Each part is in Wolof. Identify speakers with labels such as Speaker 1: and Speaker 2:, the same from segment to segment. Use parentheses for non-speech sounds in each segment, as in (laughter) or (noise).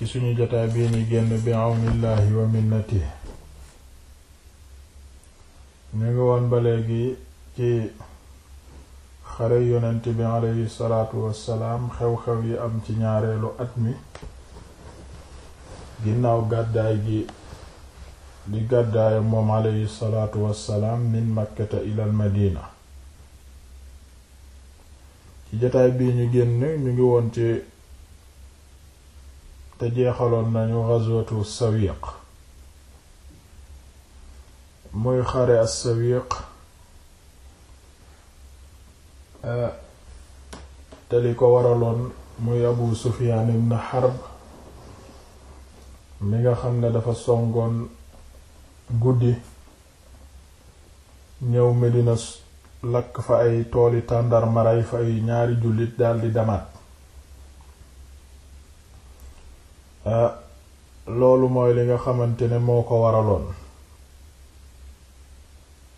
Speaker 1: ci suñu jotaay bii ñu génn bi àwnillaahi wa minnati ñu ngi woon ba léegi ci xare yonent bi aleyhi salaatu wassalaam xew-xew yi am ci ñaareelu at mi ginnaaw gàddaay gi di gàddaayam moom aleyhi salaatu salaam min makkata ilal madina ci jotaay bii ñu génn ñu ngi woon ci te jeexaloon nañu ghazwatu sawiq muy xare as-sawiq te li ko waraloon muy abu sufyan ibn harb mi nga xam ne dafa songoon guddi ñëw mi medina lakk fa ay tooli tàndarma rey fa ay ñaari jullit di damaat Ah, loolu mooy li nga xamante ne moo ko waraloon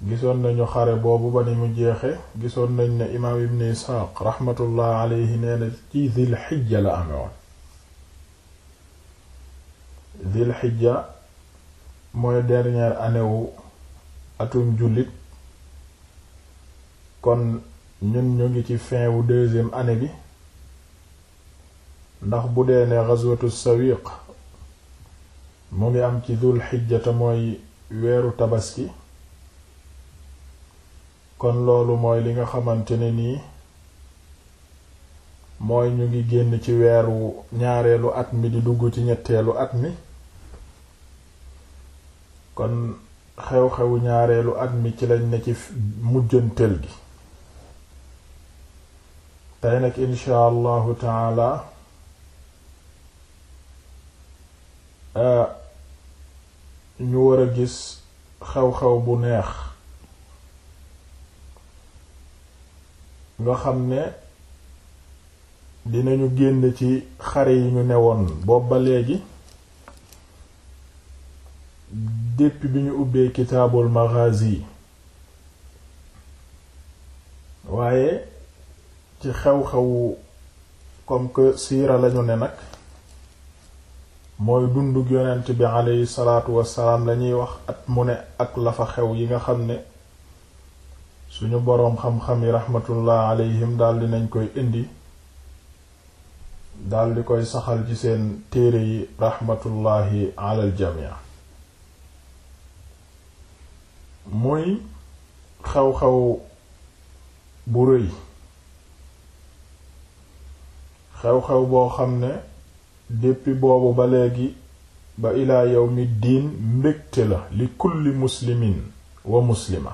Speaker 1: gisoon nañu xare boobu ba ni mu jeexe gisoon nañ ne imaam ibn isxaaq raxmatullah alayhi nee na ci zil xijja la amewoon zil xijja mooy dernière année atum jullit kon ñun ñu ngi ci fin wu deuxième année bi ndax bu dee ne ghazwatu sawiq mu ngi am ci dul xijjata mooy weeru tabaski kon loolu mooy li nga xamante ne nii mooy ñu ngi génn ci weeru ñaareelu at mi di dugg ci ñetteelu at mi kon xew xew ñaareelu at mi ci lañ ne ci mujjanteel gi tey nag insha allahu taala ñu war a gis xew-xew bu neex nga xam ne dinañu génn ci xare yi ñu newoon boobu ba léegi depuis bi ñu ubbee kitaabul maghazi waaye ci xew-xewu comme que siira lañu ne nag mooy dundug yonent bi aleyhi salaatu wassalaam lañuy wax at mu ne ak lafa xew yi nga xam ne suñu boroom xam-xam yi raxmatullah aleyhim daldi nañ koy indi daldi koy saxal ci seen téere yi raxmatullaahi alal jamii muy xew-xew bu rëy xew-xew boo xam ne depuis boobu ba léegi ba ilaa yawmi diin mbégte la li kulli muslimin wa muslima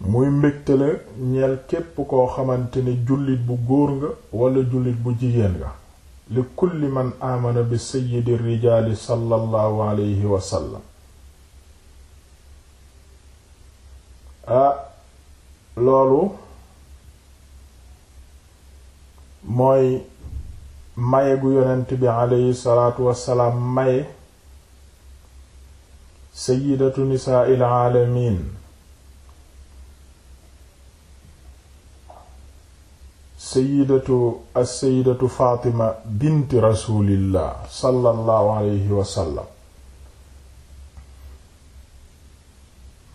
Speaker 1: muy mbégte la ñeel képp koo xamante ne jullit bu góor nga wala jullit bu jigéen nga li kulli man amana bi sayyidi rijaali sallallahu alayhi wa ah loolu mooy maye gu yonent bi aleyhi salaatu wassalaam maye sayidatu nisaa il aalamiin sayidatu as sayidatu faatima bint rasulillah sallallahu aleyhi wasallam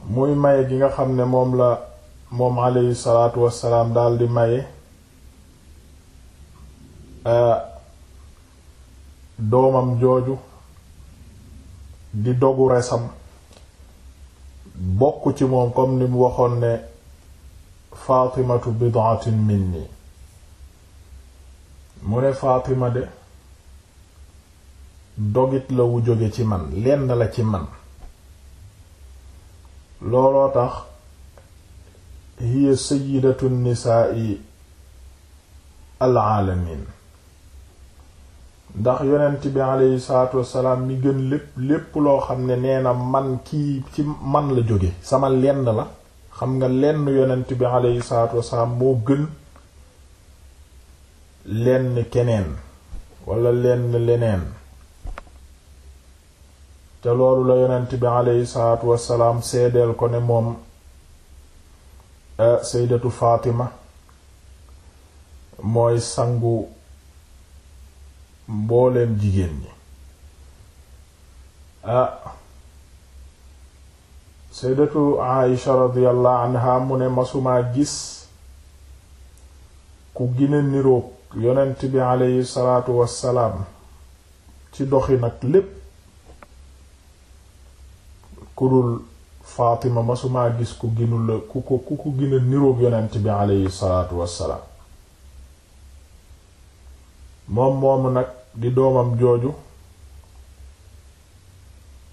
Speaker 1: muy maye gi nga xam ne moom la moom aleyhi salaatu wassalaam daldi maye doomam jooju di dogu resam bokk ci moom comme ni mu waxoon ne faatimatu bid'atun minni mu ne faatima de dogit la wu jóge ci man lenn la ci man looloo tax hiya sayyidatu nisaa'i al-'alamin ndax yonent bi aleyhi salaatu wassalaam mi gën lépp lépp loo xam ne neena na man kii ci man la jóge sama lenn la xam nga lenn yonent bi aleyhi salaatu wassalaam moo gën lenn keneen wala lenn leneen te loolu la yonent bi aleyhi salaatu wassalaam seedeel ko ne moom eh, saydatu faatima mooy sangu mbooleem jigéen ñi ah sayyidatu Aisha radiyallahu anha mu ne masumaa gis ku gine niroog yonent bi aleyhi salaatu wassalaam ci doxi nag lépp ku dul Faatima masumaa gis ku ginula ku ko ku ko gine niroog yonent bi aleyhi salaatu wassalaam moom moomu nag di doomam jooju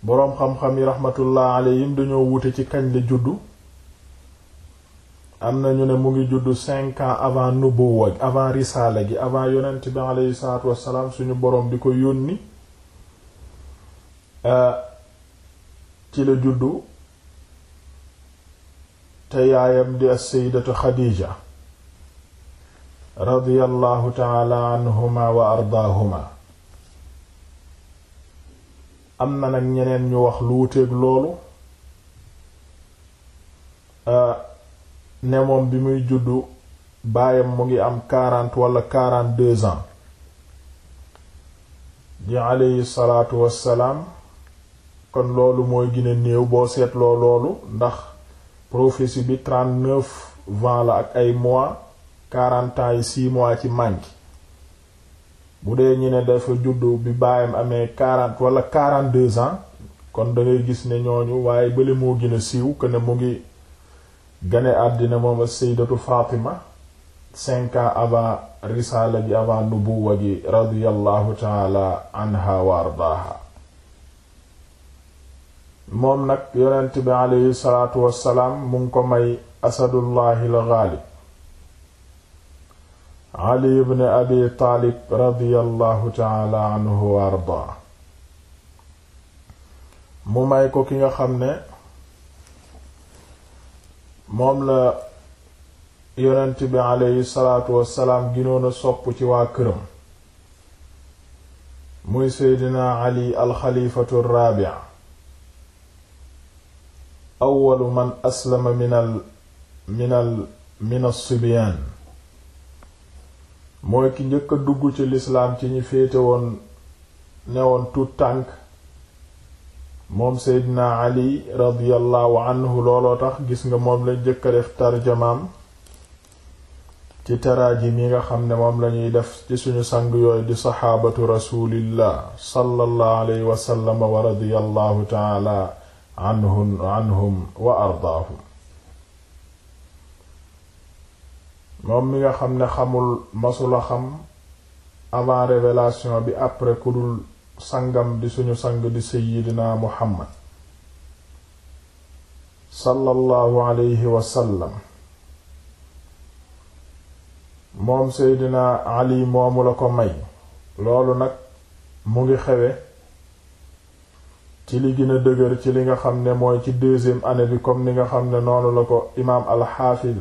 Speaker 1: boroom xam-xam yi raxmatullah alayhim dañoo wute ci kañ la juddu am na ñu ne mu ngi juddu cinq ans avant nubuwa gi avant risaala gi avant yonent bi alayhi salaatu wassalaam suñu boroom di ko yónni euh, ci la juddu te yaayam di as-sayyidatu Xadiija radiyallahu taala anhuma wa ardaahuma am na nag ñeneen ñu wax lu wuteeg loolu ah, ne bi muy juddu baayam mu ngi am quarante wala quarante-deux ans di aleyhi salaatu wassalaam kon loolu mooy gën néew boo seetloo loolu ndax prophétie bi trente-neuf vent la ak ay mois quarante ans yi six ci manki bu dee ñi ne dafa juddu bi baayam amee quarante wala quarante deux ans kon da ngay gis ne ñooñu waaye bële moo gën a siiw que ne mu ngi gane àddina moom as-sayyidatu Fatima cinq ans avant risaala bi avant nubuwa gi radiyallahu taala anha wa ardaaha moom nag yonent bi aleyhi salaatu wassalaam mu ngi ko may asadullahi al-ghalib ali ibn abi taalib radiyallahu taala anhu wa ardaa mu may ko ki nga xam ne moom la yonent bi aleyhi salaatu wassalaam ginoon a sopp ci waa këram muy seydina ali alxalifatu raabi awwalu man aslama min al min al min al sibyaan mooy ki njëkk a dugg ci lislaam ci ñi féete woon ne woon tànk moom seydina ali radiallahu anhu looloo tax gis nga moom la njëkk a def tarjamaam ci taraajim yi nga xam ne moom lañuy def ci suñu sang yooyu di saxaabatu rasulillah sallallahu alayhi wasallama wa radiallahu taala anhum anhum wa ardaahum moom mi nga xam ne xamul masula xam avant révélation bi après ku dul sangam di suñu sang di seyyidina muhammad sallallahu alayhi wasallam moom seydina ali moomu la ko may loolu nag mu ngi xewe ci li gën a dëgër ci li nga xam ne mooy ci deuxième année bi comme ni nga xam ne noonu la ko imaam alxaafid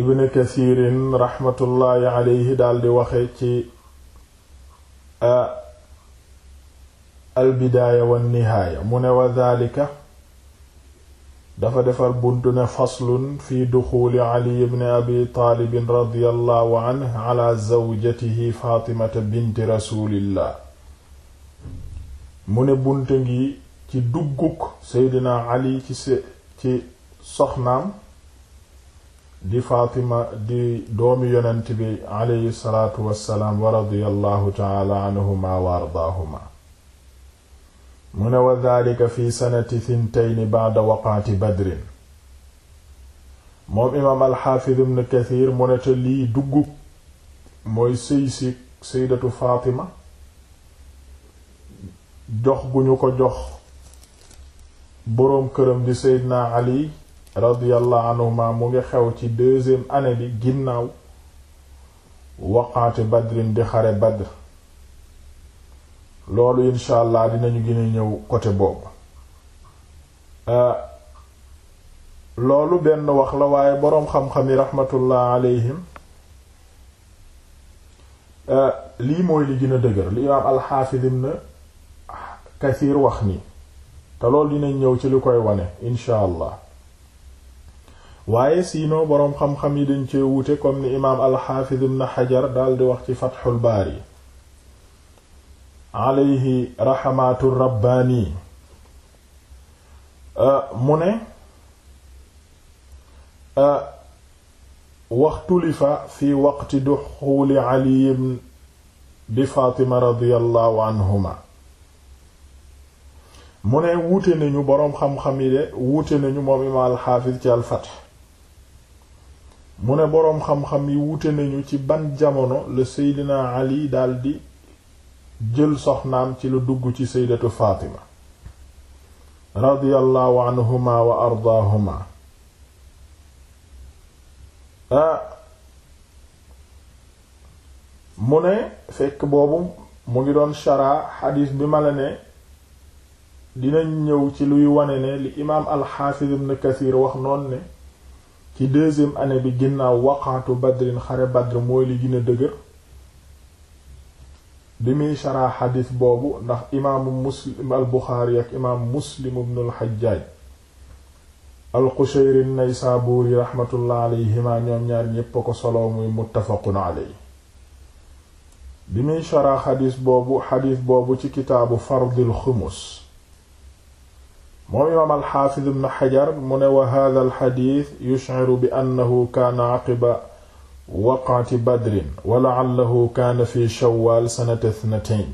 Speaker 1: ibn kasirin raxmatullaahi aleyhi daldi waxe ci albidaaya wa nihaaya mu wa daalika dafa defar buntu ne faslun fi duxuli ali ibn abi taalibin radiyallahu anhu ala zawjatihi faatimata binti rasulillah mu buntu ngi ci dugguk seydina ali ci se di Fatima di doomi yonent bi aleyhi salaatu wassalaam wa radiyallahu taala anhuma wa ardaahuma mu ne wa daalika fi sanati thintayni ba'da waqaati badrin moom imaam alxaafid ibn kathir mu ne te lii duggub mooy sëy si saydatu Fatima jox gu ñu ko jox boroom këram di seydna ali radiyallahu anhuma mu ngi xew ci deuxième année bi ginnaaw waqaati badrin di xare badr loolu incha allah dinañu gën a ñëw côté boobu euh, loolu benn wax la waaye boroom xam-xam yi rahmatullah alayhim euh, lii mooy li gën a dëgër li imaam alxaafid ibn kasiir wax nii te loolu dinañ ñëw ci li koy wane incha allah waaye sinon boroom xam-xam yi dañ cee wuute comme ni imaam alxaafiz ibn xajar daldi wax ci fatxul baari yi raxamatu rabbaani euh, mu ne euh, waxtulifa fi waqti duxuuli ali bi faatima radiyallahu anhuma mu ne wuute nañu boroom xam-xam yi de wuute nañu moom imaam alxaafiz ci alfatx mu ne boroom xam-xam yi wute nañu ci ban jamono la seydina ali daldi jël soxnaam ci lu dugg ci seydatu faatima radiyallahu anhuma wa ardaahuma mu ne fekk boobu mu ngi doon sharaa xadiis bi ma la ne dinañ ñëw ci luy wane ne li imaam alxaafis ibn kathir wax noon ne ci deuxième année bi ginnaaw waqaatu badrin xare badr mooy li gën a dëgër bi muy sharaa xadiis boobu ndax imaamu muslim al buxaari ak imaamu muslim ibnul xajjaaj al alayhima ñoom ñaar ñépp ko solo muy muttafaqun aley bi muy sharaa xadiis boobu xadiis boobu ci kitaabu fardil xumus moom imaam alxaafiz ibn xajar mu ne wa hada alxadis yushciru bi annahu kaana aqiba waqati badrin wa lacallahu kaana fi shawal sanata ithnatayn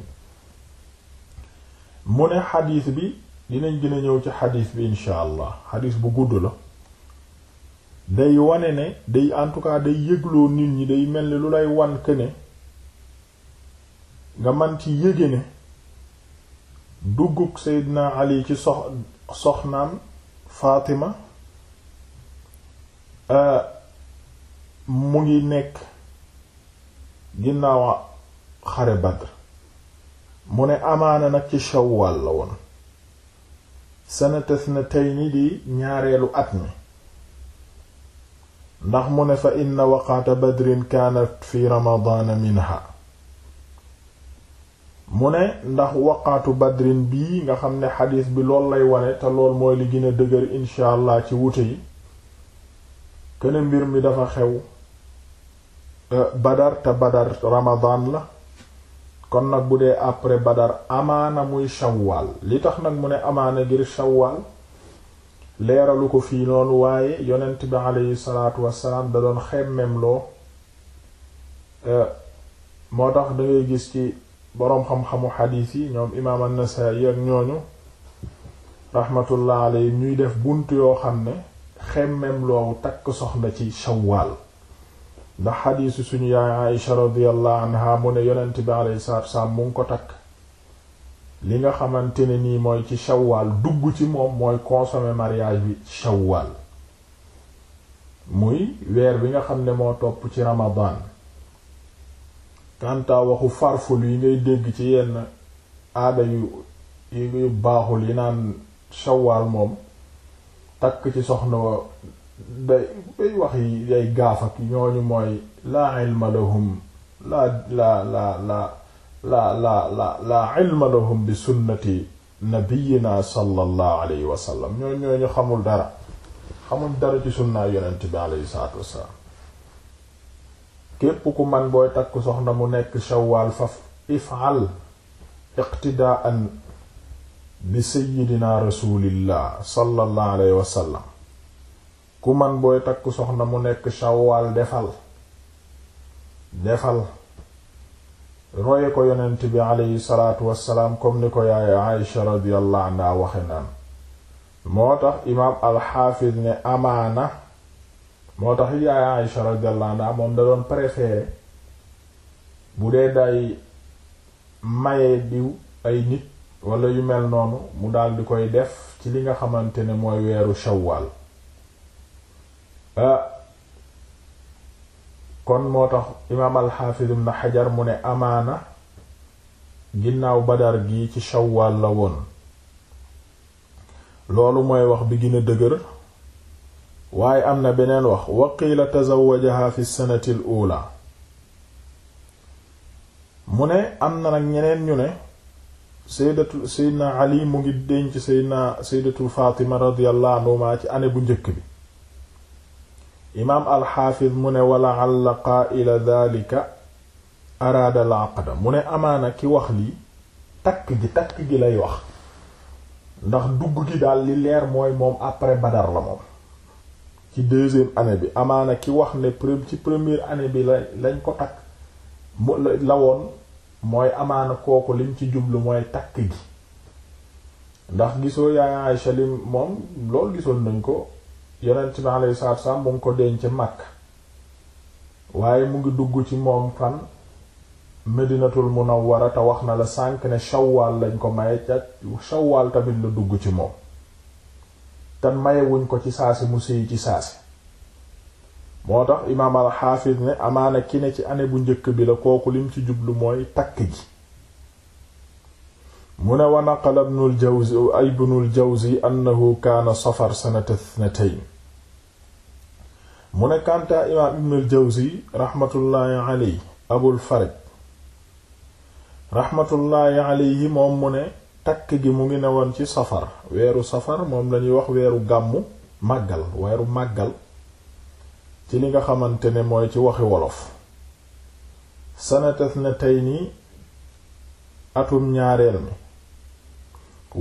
Speaker 1: mu ne xadis bi dinañ gën a ñëw ci xadis bi incha allah bu gudd la day wane ne day en tout cas day yëgloo nit ñi day mel ni lu lay wan que nga man ci yëge ne duggug Seydina Ali ci sox soxnaan Fatima euh, mu ngi nekk ginnaaw xare Badr mu ne amaana nag ci Shawwal la woon sanata ithnatayni di ñaareelu at mi ndax mu ne fa inna waqata badrin kaanat fi ramadana minha mu ne ndax waqaatu badrin bii nga xam ne xadiis bi lool lay wane te lool mooy li gën a dëgër incha ci wute yi kene mbir mi dafa xew e, badar te badar ramadan la kon nag bu dee après badar amaana muy shawwal li tax nag mu ne amaana ngir shawwal leeralu ko fii noonu waaye yonent bi aleyhi salaatu wassalaam da doon xemmem loo e, moo tax dangay gis ci boroom xam-xamu xadiis yi ñoom imaam an-Nasaa'i ak ñooñu rahmatullah alayhi ñuy def bunt yoo xam ne xemmem loowu takk soxna ci shawaal ndax xadiisu suñu yaay Aïsha radiyallahu anha mu ne yonent bi alayhi salaatu wassalaam mu ngi ko takk li nga xamante ne nii mooy ci shawaal dugg ci moom mooy consommer mariage bi shawaal muy weer bi nga xam ne moo topp ci ramadaan kàntaa waxu farful yi ngay dégg ci yenn aada yu yu baaxul yi naan shawaal moom takk ci soxna wa day bay wax yi day gaaf ak ñooñu mooy laa ilma lahum laa laa laa laa laa laa laa laa ilma lahum bi sunnati nabiyina sallallahu alayhi wa sallam ñooñu ñooñu xamul dara xamul dara ci sunnaa yonent bi alayhi salaatu wassalaam képp ku man booy takk soxna mu nekk shawwal faf ifal iqtidaan bi sayyidina rasulillah sallallahu alayhi ku man booy takk soxna mu nekk shawwal defal defal roye ko yonent bi aleyhi salaatu wassalaam comme ni ko yaay Aysha radiyallahu anha waxe naan moo tax imaam alxaafiz ne amaana moo tax yaay Aïsha radiyallahu anha moom da doon préférer bu dee day maye diw ay nit wala yu mel noonu mu daal di koy def ci li nga xamante ne mooy weeru shawwal ah, kon moo tax imaam al-Hafiz ibn mu ne amaana ginnaaw badar gi ci shawwal la woon loolu mooy wax bi gën dëgër waaye am na beneen wax wa qiila tazawwajaha fi ne am na nag ñeneen ñu ne sayyidatu sayyidina ali mu ngi denc sayyidina sayyidatul fatima radiyallahu anhuma ci année bu njëkk bi imaam alxaafiz mu ne wala alla qaa'ila dhalika araada al aqda mu ne amaana ki wax lii takk gi takk gi lay wax ndax dugg gi daal li leer mooy moom après badar la moom ci deuxième année bi amaana ki wax ne ci première année bi la lañ ko takk mu la woon mooy amaana kooku lim ci jublu mooy takk gi ndax gisoo yaay Aysa lim moom loolu gisoon nañ ko yonent bi alayhi salaatu wassalaam mu ngi ko denc Makka waaye mu ngi dugg ci moom fan Medinatul Munawwara te wax na la sànk ne Shawwal lañ ko maye ca Shawwal tamit la dugg ci moom te mayewuñ ko ci saasi mu séy ci saasi moo tax imaam alxaafis ne amaana ki ne ci année bu njëkk bi la kooku lim ci jublu mooy takk ji mu ne wa naqala ibnul jawzi ibnul jawzi annahu kaana safar sanata mu ne kantaa imaam ibnul jawzi raxmatullaahi abul faraj raxmatullaahi alayhi moom mu ne takk gi mu ngi ne woon ci safar weeru safar moom lañuy wax weeru gàmmu màggal weeru màggal ci li nga xamante ne mooy ci waxi wolof sanatas na tey nii atum ñaareel mi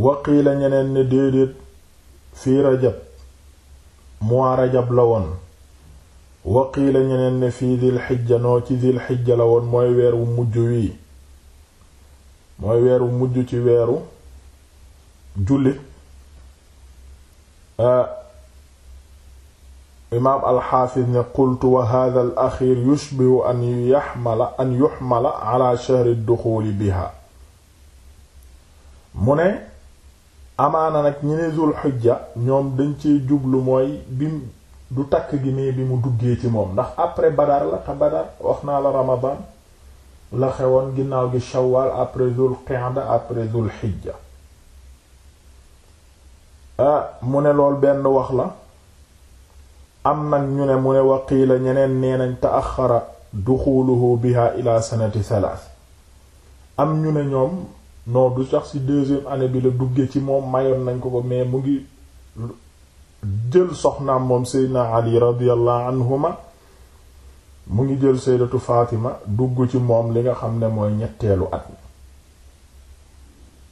Speaker 1: waqii la ñeneen ne déedéet fii rajab mois rajab la woon waqii la ñeneen ne fii dil xijja noo ci dil xijja la woon mooy weer wu mujj wii mooy weeru mujj ci weeru jullit ah, imaam alxaafis ne qultu wa hada al axir yushbihu an yaxmala an yuxmala ala shahri duxuli biha mu ne amaana nag ñi ne zul xujja ñoom dañ ci jublu mooy bim du takk gi mais bi mu duggee ci moom ndax après badar la te badar wax naa la ramadan la xewoon ginnaaw gi shawal après zul qa'da après zul hijja ah mu ne lool benn wax la am nag ñu ne mu ne waqiila ñeneen nee nañ ta'axxara duxuluhu biha ila sanati salaas am ñu ne ñoom non du sax ci deuxième année bi la dugge ci moom mayoon nañ ko ko mais mu ngi jël soxnaam moom seydna ali radiyallahu anhuma mu ngi jël sayyidatu Fatima dugg ci moom li nga xam ne mooy ñetteelu at mi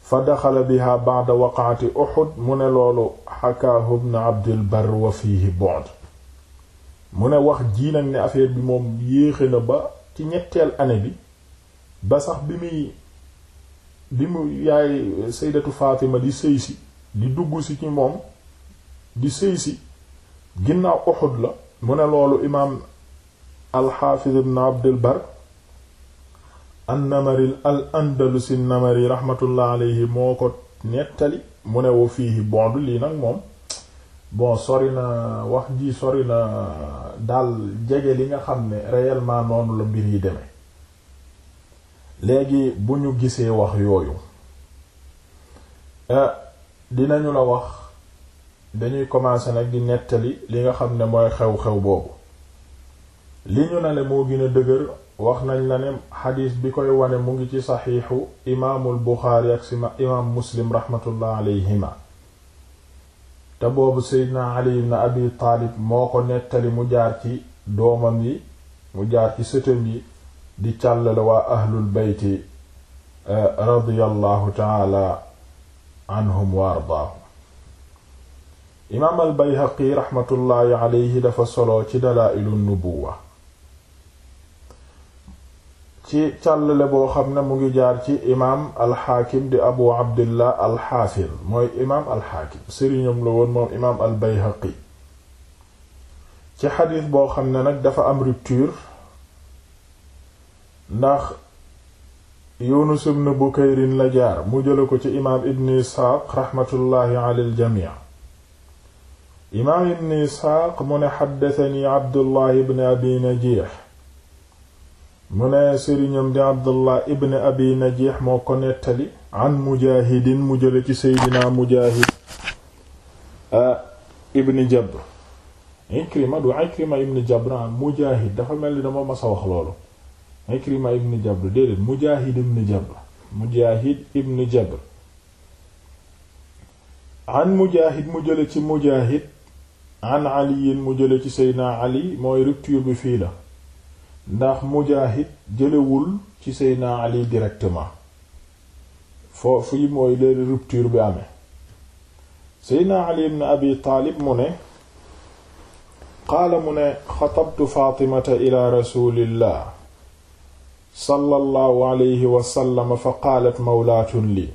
Speaker 1: fa daxala biha ba'da waqaati Uhud mu ne loolu xakaahu ibn Abdul Barr wa fiihi mu ne wax ji nag ne affaire bi moom yéexe na ba ci ñetteel année bi ba sax bi muy bi mu yaay sayyidatu Fatima di sëy si di dugg si ci moom di sëy si ginnaaw Uhud la mu ne loolu imaam alxaafiz ibn abdul bar annamari al andalusi namari rahmatullah moo ko nettali mu ne wa fiihi bond lii nag moom bon sori na wax ji sori na daal jege li nga xam ne réellement noonu la mbir yi demee léegi bu ñu gisee wax yooyu eh, dinañu la wax dañuy commencer nag di nettali li nga xam ne mooy xew-xew boobu li ñu ne le moo gën a dëgër wax nañ la ne xadiis bi koy wane mu ngi ci saxiixu imaamul buxaari ak sima imaam muslim raxmatullah alayhima te boobu seydna ali ibn abi taalib moo ko nettali mu jaar ci doomam yi mu jaar ci sëtam yi di càllale waa ahlul beyti eh, radiyallahu taala anhum wa ardaahum imaam al bayhaqi raxmatullaahi alayhi dafa solo ci dalaa'ilu nubuwa ci càllale boo xam ne mu ngi jaar ci imaam alxaakim di abu abdillah alxaafid mooy imaam alxaakim sëriñam la woon moom imaam albayhaqi ci xadiis boo xam ne nag dafa am rupture ndax yunus ibn bukayrin la jaar mu jële ko ci imaam ibn isxaaq raxmatullaahi alal jamii imaam ibn isxaaq mu ne xaddasani abdullahi ibn abi najiix mu ne sëriñam di abdullah ibn abi najih moo ko nettali an mujahidin mu jële ci seydina mujahid ibn jabr ikrima du ikrima ibn jabr an ah, mujahid dafa mel ni dama mas wax loolu ikrima ibn jabr déedéet mujahid ibn jabr an mujahid mu jële ci mujahid an aliyin mu jële ci seydina ali mooy rupture bi fii la ndax mujaahid jëlewul ci Seydina Ali directement foofu yi mooy leen rupture bi amee Seydina Ali ibn Abi Taalib mu ne qaala mu ne xatabtu Faatimata ila rasulillah sallallahu alayhi wa sallam fa qaalat mawlaatun lii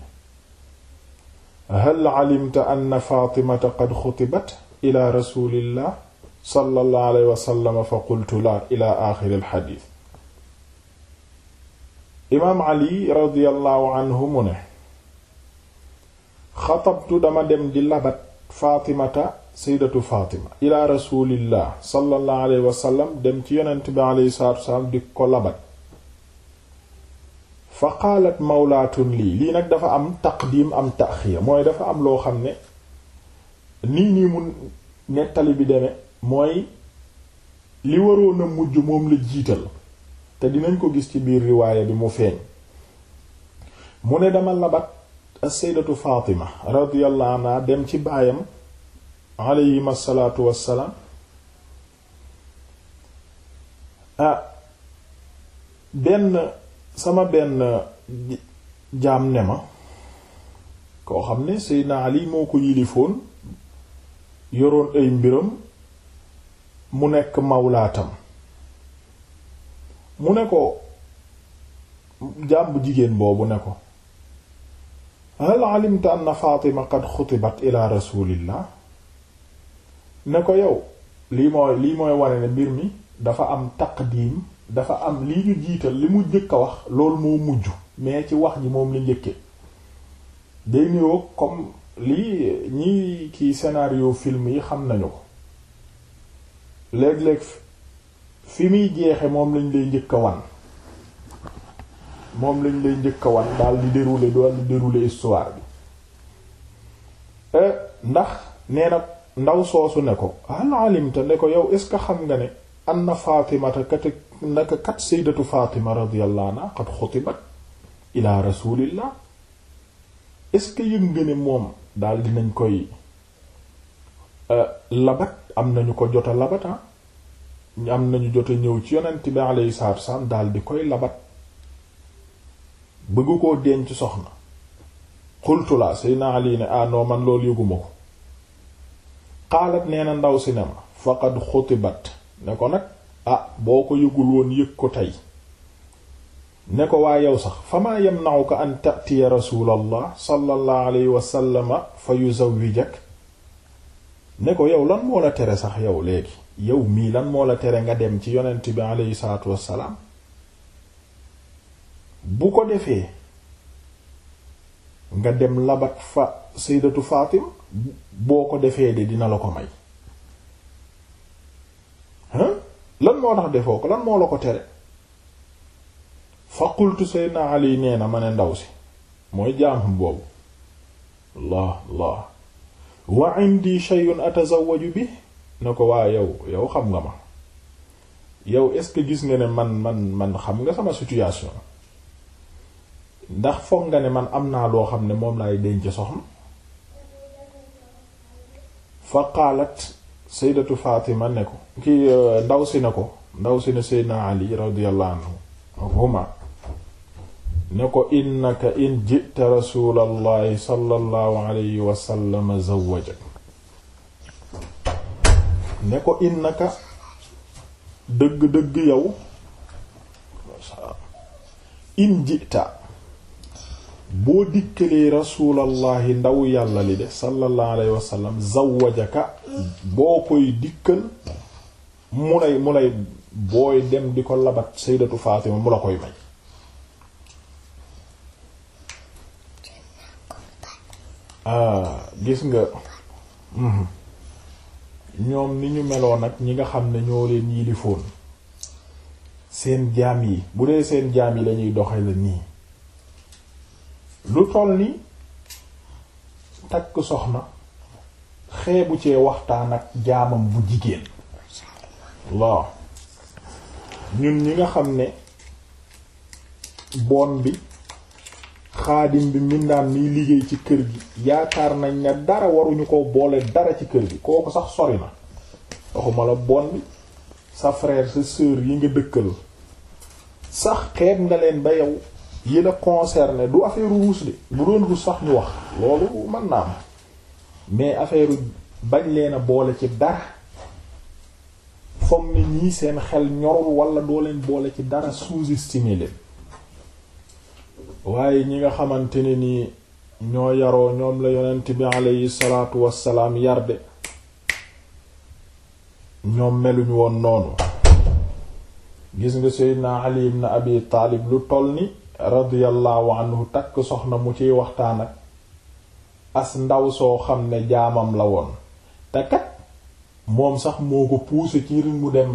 Speaker 1: hal alimta anna Faatimata qad xutibat ila rasulillah sallallahu alayhi wa sallam fa la ila aaxiril xadiis ali radiyallahu anhu mu ne xatabtu dama dem di labat faatimata saydatu faatima ila rasulillah sallallahu alayhi wa sallam dem ci yonent bi alayhi salaatu wasalaam di ko labat fa qaalat lii lii nag dafa am taqdiim am taxiir mooy dafa am loo xam ne nii nii mu nettali bi demee mooy li waroon a mujj moom la jiital te dinañ ko gis ci biir riwaaya bi mu feeñ mu ne dama labat as-sayyidatu Fatima radiyallahu anha dem ci baayam alayhim asalaatu wassalaam ah benn sama benn jaam ne ma koo xam ne Seydina Ali moo ko yilifoon yoroon ay mbiram mu nekk mawlaatam mu ne ko jàmb jigéen boobu ne ko hal alimta anna Fatima qad xutibat ila rasulillah ne ko yow lii mooy lii mooy wane mbir mi dafa am taqdiim dafa am lii ñu jiital li mu jëkk a wax loolu moo mujj mais ci wax ji moom la njëkkee day niroog comme lii ñii kii scénario film yi xam nañu ko léeg-léeg fi muy jeexe moom lañ lay njëkk wan moom lañ lay njëkk a wan daal di dérouler daal di dérouler histoire bi euh, ndax nee ndaw soosu ne ko hal alimta ne ko yow est-ce que xam nga ne anna fatimata kat naka kat sayyidatu fatima radiyallahu anha qad xutibat ila rasulillah est-ce que yëg nga ne moom daal nañ koy euh, labat am nañu ko jota labata ah. am nañu jota ñëw ci yonent bi alayhi salaatu wassalaam dal di koy labat bëgg koo denc soxna xultu la sayna Ali ne ah non man loolu yëguma ko xaalat nee na ndaw si ne ma faqad xutibat ne ko nag ah boo ko yëgul woon yëg ko tey ne ko waa yow sax famaa yamna'uka an ta'tiya rasulallah sallallahu alayhi wa sallama fa yuzawwijak ne ko yow lan moo la tere sax yow léegi yow mii lan moo la tere nga dem ci yonent bi aleyhi salaatu wassalaam bu ko defee nga dem labat fa sayyidatu Faatima boo ko defee de dina la ko may hein lan moo tax defoo ko lan moo la ko tere fa qultu sayyidina Ali nee na ma ne ndaw si mooy jaamam boobu allah allah wa indi shay'un atazawwaju bi ne ko waa yow yow xam nga ma yow est-ce que gis nga ne man man man xam nga sama situation ndax foog nga ne man am naa loo xam ne moom laay denc soxna fa qaalat sayyidatu Fatima ne ko ki euh, ndaw si ne ko ndaw si ne sayyidina Ali radiyallahu anhu huma ne ko innaka in jita rasulallahi sallallahu alayhi wasallam zawwajak ne ko innaka dëgg-dëgg yow in jita boo dikkalee rasulallahi ndaw yàlla li de sallallahu alayhi wasallam zawwajaka boo koy dikkal mu lay mu lay booy dem di ko labat sayyidatu Fatima mu la koy may Ah, gis nga mhm. ñoom ni ñu meloon nag ñi nga xam ne ñoo leen yilifoon seen jaam yi bu dee seen jaam yi lañuy doxe la nii lu toll ni takk soxna xeebu cee waxtaan ak jaamam bu jigéen waaw ñun ñi nga xam ne bon bi xaadim bi mindaan miy liggéey ci kër gi yaakaar nañ ne dara waruñu ko boole dara ci kër gi kooku sax sori na waxuma la bon bi sa frère sa sœur yi nga dëkkal sax xeeb nga leen ba yow yi la concerné du affaire ruus de bu doon ruus sax ñu wax loolu mën naa ma mais affaire bañ leen a boole ci dara fom ni ñii seen xel ñorul wala doo leen boole ci dara sous-estimer leen waaye ñi nga xamante ne nii ñoo yaroo ñoom la yonent bi aleyhi salaatu wassalaam yarde ñoom meluñu woon noonu gis nga seydna ali ibn abi lu toll ni radiyallahu anhu takk soxna mu ciy waxtaan ak as ndaw soo xam ne jaamam la woon te kat moom sax moo ko poussé ci mu dem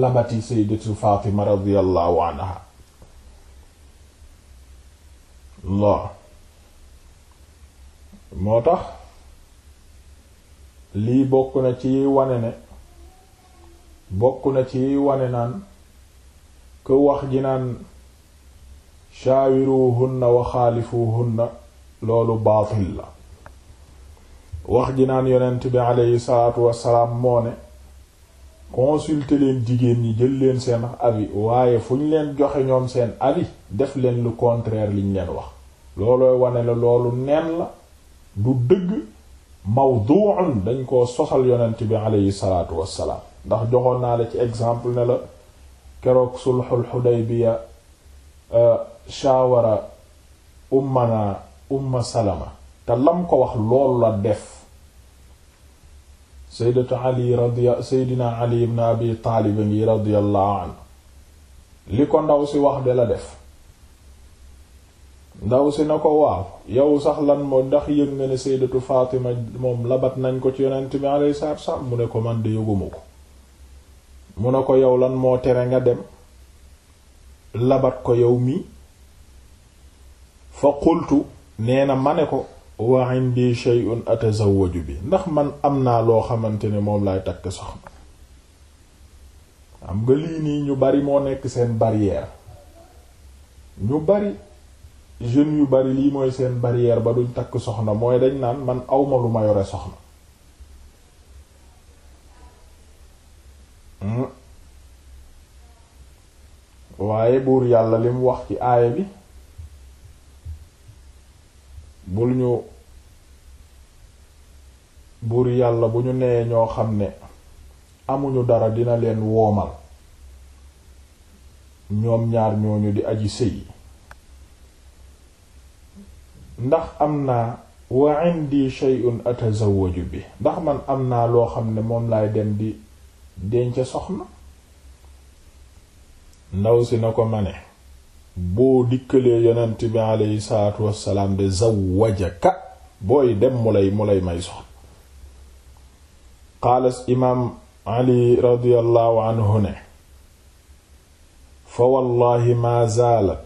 Speaker 1: labati sayyidatu fatima radiyallahu anha la moo tax lii bokk na ci wane ne bokk na ci wane naan ku wax ji naan shaawiruhunna wa xaalifuhunna loolu baatil la wax ji naan yonent bi aleyhi salaatu wassalaam moo ne consulter leen jigéen ñi jël leen seen avis waaye fu ñu leen joxe ñoom seen avis def leen lu contraire liñ leen wax loolooy wane la loolu neen la du dëgg mawdu'un dañ ko sosal yonent bi aleyhi salaatu wassalaam ndax joxoon naa la ci exemple ne la keroog sulxul xudaybiya euh, shawara ummana umma salama te lam ko wax loolu la def saydatu ali radi seydina ali ibn abi taalib ngi radiyallahu anhu li ko ndaw si wax de la def ndaw si na ko waaw yow sax lan moo ndax yëg nga ne saydatu fatima moom labat nañ ko ci yonent bi alayhi salaatu salaam mu ne ko man de yëguma ko mu ne ko yow lan moo tere nga dem labat ko yow mi fa qultu nee na ma ne ko wa indi shay'un atazawwaju bi ndax man am naa loo xamante ni moom laay takk soxna am nga lii nii ñu bari moo nekk seen barrière ñu bari jeunes yu bari lii mooy seen barrière ba duñ takk soxna mooy dañ naan man awma lu ma yore soxna hmm. waaye buur yàlla lim wax ci aaya bi bul ñu buur yàlla bu ñu nee ñoo xam ne amuñu dara dina leen woomal ñoom ñaar ñooñu di aji sëy ndax am naa wa indi shay'un atazawwaju bi ndax man am naa loo xam ne moom laay dem di denc soxna ndaw si na ko mane boo dikkalee yonent bi aleyhi salaatu wassalaam de zawwajaka booy dem mu lay mu lay may soxna qaala imaam ali radiyallahu anhu ne fa wallahi maa zaalat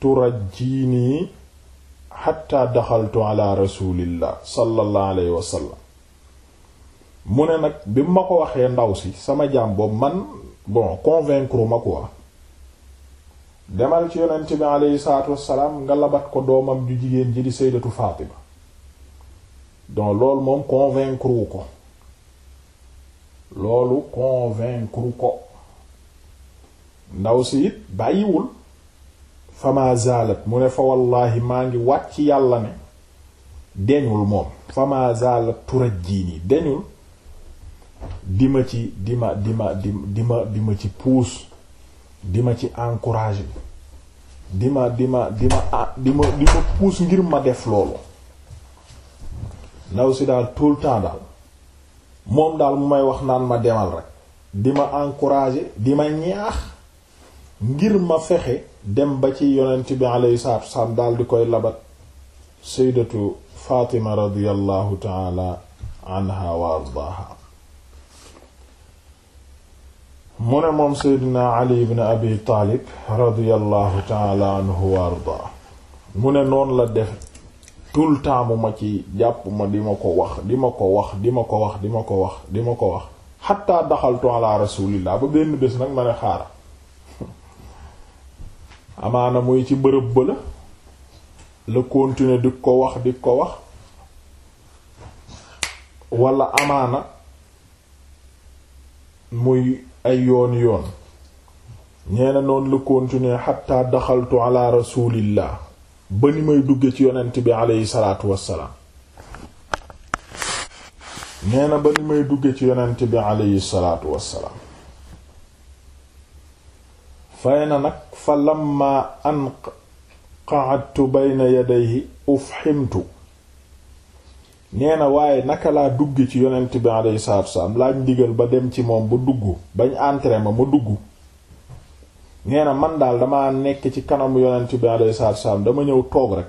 Speaker 1: turajjiinii xatta daxaltu ala rasulillah sallallahu alayhi wasallam mu ne nag bi ma ko waxee ndaw si sama jaam boobu man bon convaincre ma quoi demal ci yonent bi aleyhi salaatu wassalaam nga labat ko doomam ju jigéen ji di sayyidatu Faatima donc loolu moom convaincre ko loolu convaincre ko ndaw si it bàyyiwul fama zalat mu ne fa wallaahi maa ngi wàcc ci yàlla ne deñul moom fama zalat turajjini deñul dima ci dima dima dima dima ci puus di ma ci encourager di ma di ma di ma ah, di di ma pousse ngir ma def loolu ndaw si daal tout le temps daal moom daal mu may wax naan ma demal rek di ma encourager di ma ñaax ngir ma fexe dem ba ci yonent bi alayhi salaatu wasalaam daal di koy labat sayyidatu Fatima radiyallahu ta'ala anha wa ardaaha mu ne moom seydina ali ibn abi taalib radiallahu taala anhu wa mu ne noonu la def tout le temps mu ma ci jàpp ma di ma ko wax di ma ko wax di ma ko wax di ma ko wax di ma ko wax xatta daxaltu ala rasulillah ba benn bés nag ma ne xaaral (laughs) amaana muy ci bërëb ba la la continuer di ko wax di ko wax walla amaana muy ay yoon yoon ñeena noon lu continuer xatta daxaltu ala rasulillah ba ni may dugge ci yonent bi aleyhi salaatu wassalaam neena ba may dugge ci yonent bi aleyhi salaatu wassalaam nag fa lamma an qa'adtu bayna yadayhi ufhimtu nee na waaye naka laa dugg ci yonent bi alayhi salaatu wasalaam laaj digal ba dem ci moom ba dugg bañ entré ma ma dugg nee na man daal dama nekk ci kanamu yonent bi alayhi salaatu wasalaam dama ñëw toog rek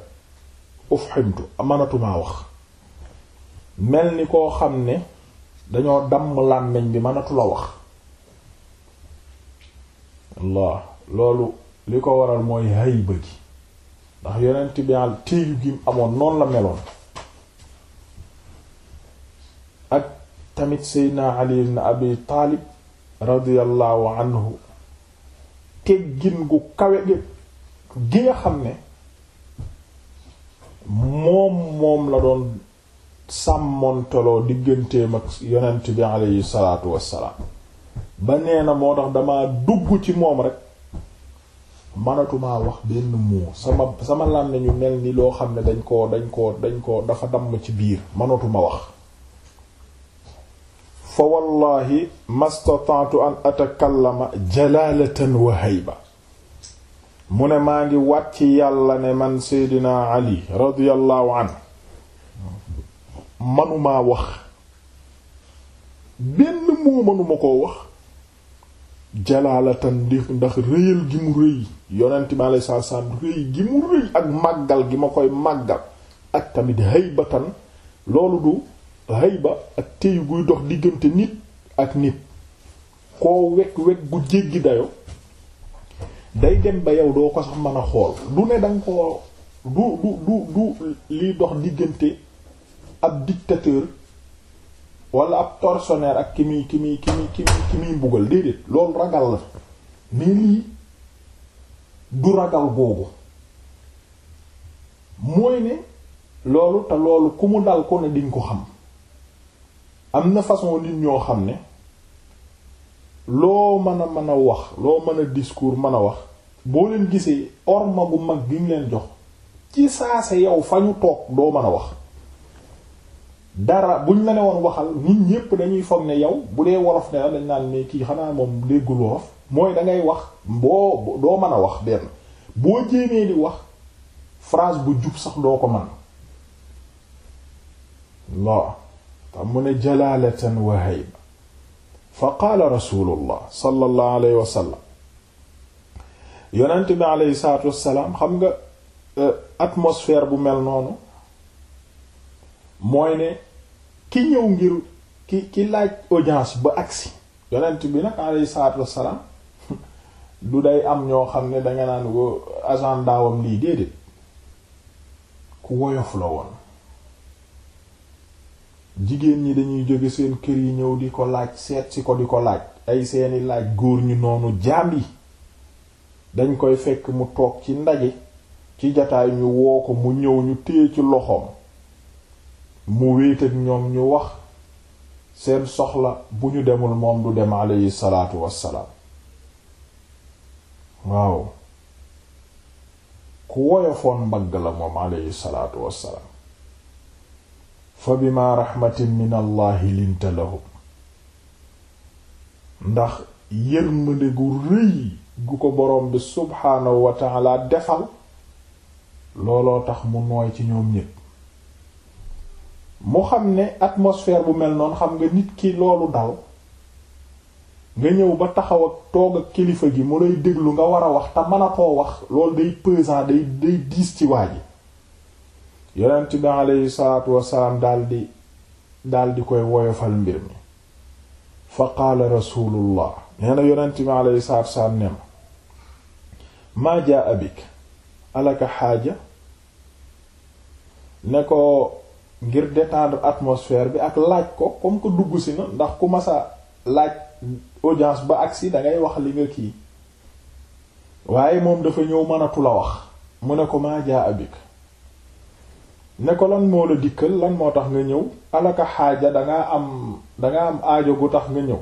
Speaker 1: uf ximtu mënatumaa wax mel ni koo xam ne dañoo damm làmmiñ bi mënatula wax Allah loolu li ko waral mooy hayba gi ndax yonent bi al gi amoon noonu la meloon tamit seydna ali na abi taalib radiyallahu anhu teggin gu kawe gi nga xam ne moom moom la doon sàmmoonteloo digganteem ak yonent bi aleyhi salaatu wassalaam ba nee na moo tax dama dugg ci moom rek mënatuma wax benn moo sama sama làmmiñu mel ni loo xam ne dañ koo dañ koo dañ koo dafa damm ci biir mënatuma wax fa wallahi mastata'tu an atakallama jalalatan wa hayba mu ne maa ngi wàcc yàlla ne man seydina ali radiyallahu anhu manumaa wax benn moo manuma koo wax jalaalatan di ndax réyal gi mu rëy yonent mi salaam rëy gi mu rëy ak màggal gi ma koy màggal ak tamit haybatan loolu du hayba ak téyu guy dox diggante nit ak nit koo wekk wekk gu jéggi dayo day dem ba yow doo ko sax mën a xool du ne danga ko du du du liy dox diggante ab dictateur wala ab tortionnaire ak ki muy ki muy ki muy ki muy ki déedéet loolu ragal la mais lii du ragal googu mooy ne loolu te loolu ku mu dal ko ne diñ ko xam am na façon nit ñoo xam ne loo mën a mën a wax loo mën a discours mën a wax boo leen gisee orma bu mag gi ñu leen jox ci saase yow fa ñu toog doo mën a wax dara buñ la ne woon waxal nit ñépp dañuy foog ne yow bu dee wolof ne dañ naan ne kii xanaa moom déggul wolof mooy da ngay wax boo doo mën a wax benn boo jéemee di wax frase bu jub sax doo ko man waaw tam mu ne jalalatan wa hayba fa qaala rasulullah sallallahu alayhi wa sallam yonent bi aleyhi xam nga eh, atmosphère bu mel noonu mooy ne ki ñëw ngir ki ki laaj audience ba aksi yonent bi nag aleyhi (laughs) day am ñoo xam ne danga naan ko agent daawam lii déedéet ku woyof la woon jigéen ñi dañuy jóge seen kër yi ñëw di ko laaj seet si ko di ko laaj ay seeni laaj góor ñu noonu jaam dañ koy fekk mu toog ci ndaje ci jataay ñu woo ko mu ñëw ñu téye ci loxoom mu wéet ñoom ñu wax seen soxla bu ñu demul moom du dem aleyhi salaatu wassalaam waaw ku woyofoon mbagg la moom aleyhi salaatu wassalaam fa bima raxmatin min allahi linta ndax yërmande gu rëy gu ko borom bi subhaanahu wa taala defal looloo tax mu nooy ci ñoom ñépp mu xam ne atmosphère bu mel noon xam nga nit ki loolu dal nga ñëw ba taxawa ak toog ak kilifa gi mu lay déglu nga war a wax te mën a koo wax lool day pesant day day diis ci waa ji yonent bi aleyhi salaatu di daldi daldi koy woyofal mbir mi fa qaala rasulullah nee na yonent bi salaatu wasalaam ne ma maa jaa abik alaka xaaja ne ko ngir détendre atmosphère bi ak laaj ko comme que dugg si na ndax ku masaa laaj audience ba agsi dangay wax li nga kii waaye moom dafa ñëw mënatu la wax mu ne ko maa jaa abik ne ko lan moo la dikkal lan moo tax nga ñëw alaka xaaja dangaa am dangaa am aajo gu tax nga ñëw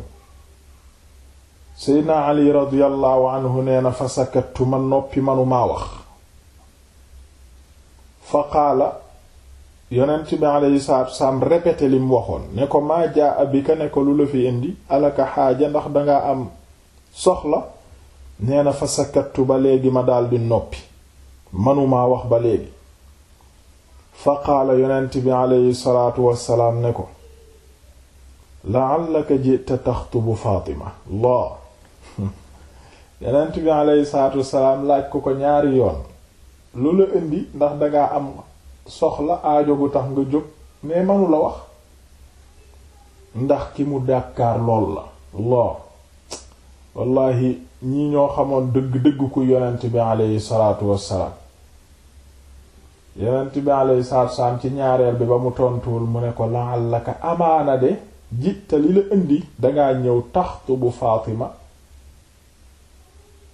Speaker 1: seydna ali radiallahu anhu nee na fa ma noppi manumaa wax fa qaala yonent bi alayhi salaatu wasalaam répété waxoon ne ko maa jaa bi ka ne la fi indi alaka xaaja ndax dangaa am soxla nee na fa sakattu ba léegi ma di noppi manumaa wax ba léegi fa qaala yonent bi aleyhi salaatu wassalaam ne ko ji te taxtu bu Faatima laa yonent bi aleyhi salaatu wassalaam laaj ko ko ñaari yoon lu la indi ndax dangaa am soxla aajo bu tax nga jóg mais manu wax ndax ki mu dàkkaar lool la laa wallaahi ñi ñoo xamoon dëgg dëgg ku yonent bi aleyhi salaatu wassalaam yonent bi alayhi salaatu wasalaam ci ñaareel bi ba mu tontuwul mu ne ko la la'allaka amaana de jitta li la indi dangaa ñëw taxtu bu Fatima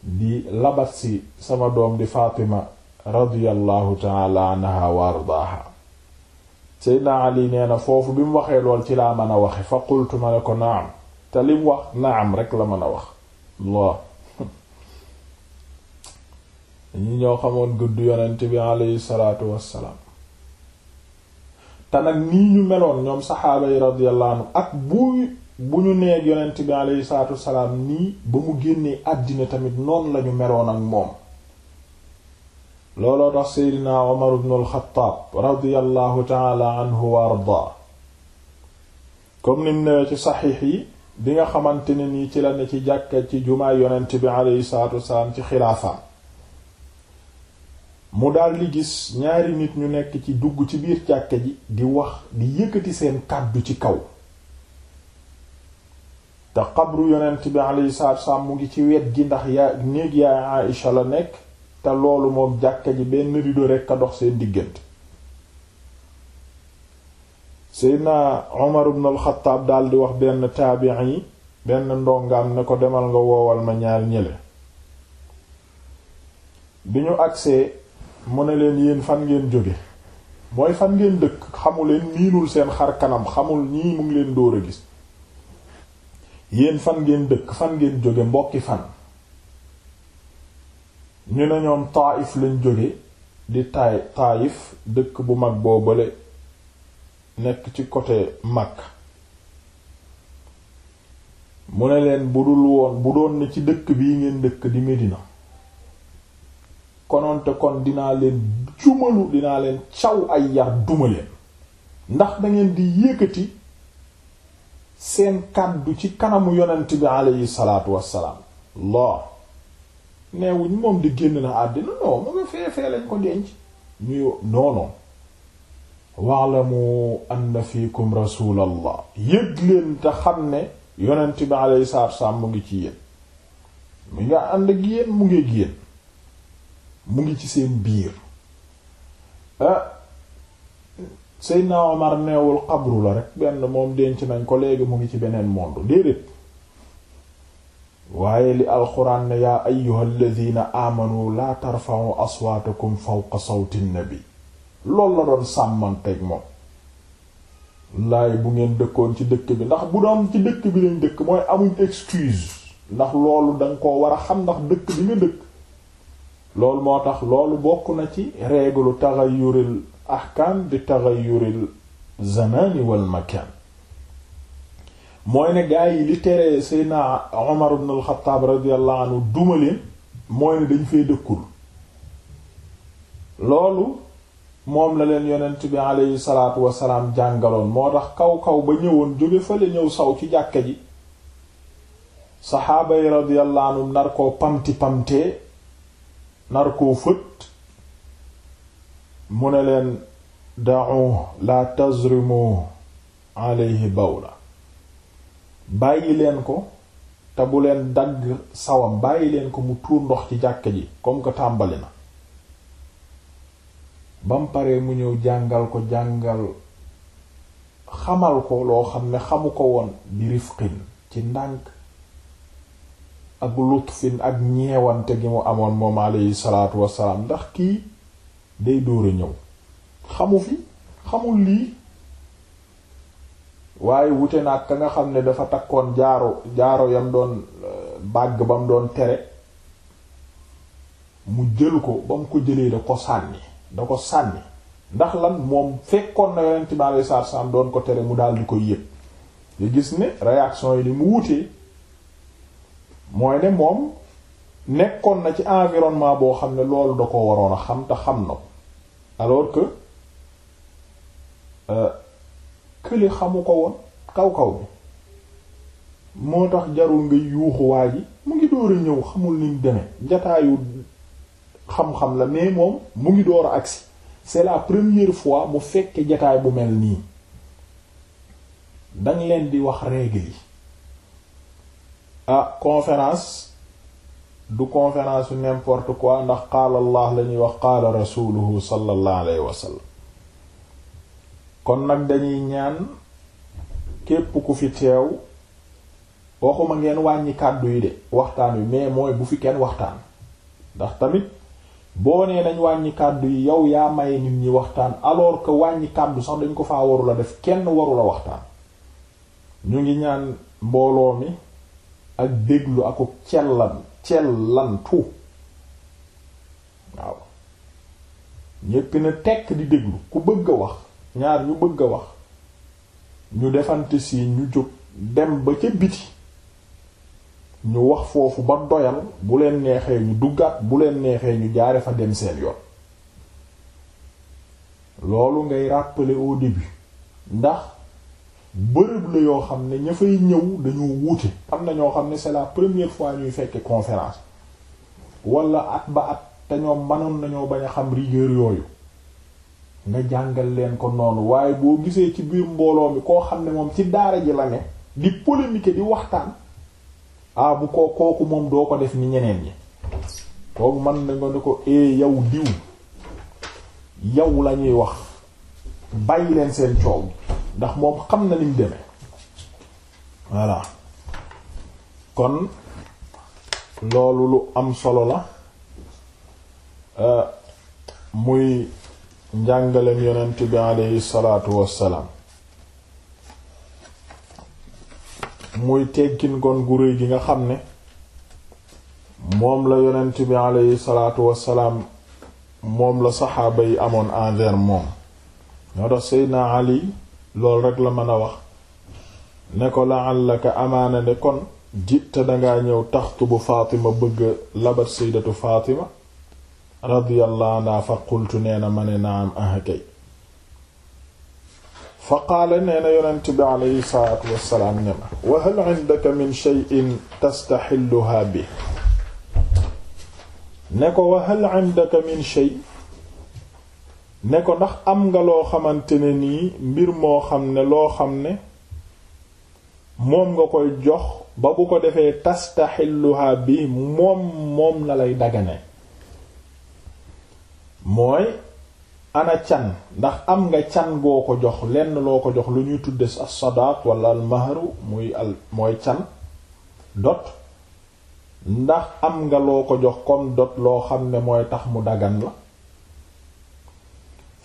Speaker 1: di labat si sama doom di Fatima radiyallahu ta'ala anha wa ardaaha Seydina Ali nee na foofu bi mu waxee lool ci laa mën a waxe fa qultu ma ne ko naam te lim wax naam rekk la mën a wax Allah ñi ñoo xamoon gëdd yonent bi aleyhi salaatu wassalaam te nag nii ñu meloon ñoom saxaaba yi radiyallahu ak bu bu ñu neeg yonent bi aleyhi salaatu wassalaam nii ba mu génnee àddina tamit noonu lañu meloon ak moom looloo tax seydina Umar ibn al radiyallahu taala anhu wa ardaa comme nim newee ci saxiix yi bi nga xamante ne nii ci la ne ci jàkka ci jumaa yonent bi aleyhi salaatu wassalaam ci xilaafa mu daldi gis ñaari nit ñu nekk ci dugg ci biir jàkka ji di wax di yëkkati seen kàddu ci kaw te xabru yonent bi alayhi salaatu wassalaam mu ngi ci wet gi ndax yaa néeg yaay Aïcha la nekk te loolu moom jàkka ji benn rido rekk a dox seen diggante Seydina Omar ibn al daldi wax benn taabi'i yi benn ndongam ne ko demal nga woowal ma ñaar ñële bi ñu agsee mu ne leen yéen fan ngeen jóge mooy fan ngeen dëkk xamuleen miinul seen xar kanam xamul ñii mu ngi leen dóor a gis yéen fan ngeen dëkk fan ngeen jóge mbokki fan ñu ne ñoom Taayif lañ jóge di Taayif dëkk bu mag boobale nekk ci côté Makka mu ne leen bu dul woon bu doon ne ci dëkk bii ngeen dëkk di Medina kononte kon dinaa leen jumalu dinaa leen caw ay yar duma leen ndax dangeen di yëkkati seen kàddu ci kanamu yonent bi aleyhi salaatu wassalaam loo neewuñ moom di génn na àddina non mu nga feefee lañ ko denc ñu noonoon wa'lamu anna fiikum rasulallah yëg leen te xam ne yonent bi aleyhi salaatu wassalaam mu ngi ci yéen mu nga ànd ak yéen mu ngi ak mu ngi ci seen biir ah Seydina Omar neewul xabru la rek benn moom denc nañ ko léegi mu ngi ci beneen monde déedéet waaye li alxuraan ne yaa ayyuhal ladina amanu la tarfa'u aswaatakum fawqa sawti nabi loolu la doon sàmmanteeg moom laay bu ngeen dëkkoon ci dëkk bi ndax bu doon ci dëkk bi lañ dëkk mooy amuñ excuse ndax loolu danga ko war a xam ndax dëkk bi nga dëkk loolu moo tax loolu bokk na ci règle taghayyuril ahkam bi taghayyuril zamani wal makan mooy ne gaa yi li tere Seydina Omar ibn al-Khattab duma leen mooy ne dañ fay dëkkul loolu moom la leen yonent bi aleyhi salaatu wasalaam jàngaloon moo tax kaw kaw ba ñëwoon jóge fële ñëw saw ci jàkka ji saxaaba yi radiyallahu anhum nar koo pamti pamtee nar koo fët mu ne leen da'u la tazrimu alayhi bawla bàyyi leen ko te bu leen dagg sawam bàyyi leen ko mu tuur ndox ci jàkka ji comme que tàmbali na bam paree mu ñëw jàngal ko jàngal xamal ko loo xam ne xamu ko woon bi rifqin ci ndànk ak lutfin ak ñeewante gi mu amoon moom alayhi salaatu wassalaam ndax kii day dóor a ñëw xamu fi xamul lii waaye wute naa ak ka nga xam ne dafa takkoon jaaro jaaro yam doon euh, bàgg ba mu doon tere mu jël ko ba mu ko jëlee da ko sànni da ko sànni ndax lan moom fekkoon na yonent bi alayhi salaatu wassalaam doon ko tere mu daal di koy yëg nga gis ne réaction yi ni mu wutee mooy ne moom nekkoon na ci environnement boo xam ne loolu da ko waroon a xam te xam na ko alors que euh, kële xamu ko woon kaw kaw bi moo tax jarul nga yuuxu waa mu ngi door a ñëw xamul niñ deme jataayu xam-xam la mais moom mu ngi door a agsi c'est la première fois mu fekke jataay bu mel nii dañ leen di wax règle yi ah conférence du yu n'importe quoi ndax qaala allah lañuy wax qaala rasuluhu sallallahu alayhi wa sallam kon nag dañuy ñaan képp ku fi teew waxuma ngeen wàññi kàddu yi de waxtaan wi mais mooy bu fi kenn waxtaan ndax tamit boo nee nañ wàññi kàddu yi yow yaa maye nit ñi waxtaan alors que wàññi kàddu sax dañ ko faa warula def kenn warula waxtaan ñu ngi ñaan mbooloo mi ak déglu akuk cellan cellantu waaw ñépp na tekk di déglu ku bëgg a wax ñaar ñu bëgg a wax ñu defante si ñu jóg dem ba ca biti ñu wax foofu ba doyal bu leen neexee ñu duggaat bu leen neexee ñu jaare fa dem seen yoon loolu ngay rappeler au début ndax bërëb la yoo xam ne ña ñëw dañoo wuute am na ñoo xam ne c'est la première fois ñuy fekke conférence wala at ba at te ñoom mënoon nañoo bañ a xam rigueur yooyu nga jàngal leen ko noonu waaye boo gisee ci biir mbooloo mi koo xam ne moom ci daara ji la ne di polémique di waxtaan ah bu kooku moom doo ko def ni ñeneen ñi kooku man na nga ne ko e yow diw yow la ñuy wax bàyyi leen seen coow ndax moom xam na liñ demee voilà kon loolu lu am solo la euh, muy njàngalem yonent bi aleyhi salaatu wassalaam muy teggin gon gu gi nga xam ne moom la yonent bi aleyhi salaatu wassalaam moom la saxaaba yi amoon envers moom ñoo tax Seydina Ali loolu rek la mën a wax ne ko la'allaka amaana ne kon jitta dangaa ñëw taxtubu Fatima bëgg labat sayyidatu Fatima radiyallahu anha fa qultu nee na ma ne naam ah kay fa qaala nee na yonent bi aleyhi salaatu wassalaam ne ma wa hal indaka min shay'in tastaxilluha bi ne ko ndax am nga loo xamante ne nii mbir moo xam ne loo xam ne moom nga koy jox ba bu ko defee tastaxilluha bi moom moom la lay dagane mooy ana can ndax am nga can goo ko jox lenn loo ko jox lu ñuy tudde as-sadaq wala al-mahru muy mooy can dot ndax am nga loo ko jox comme dot loo xam ne mooy tax mu dagan la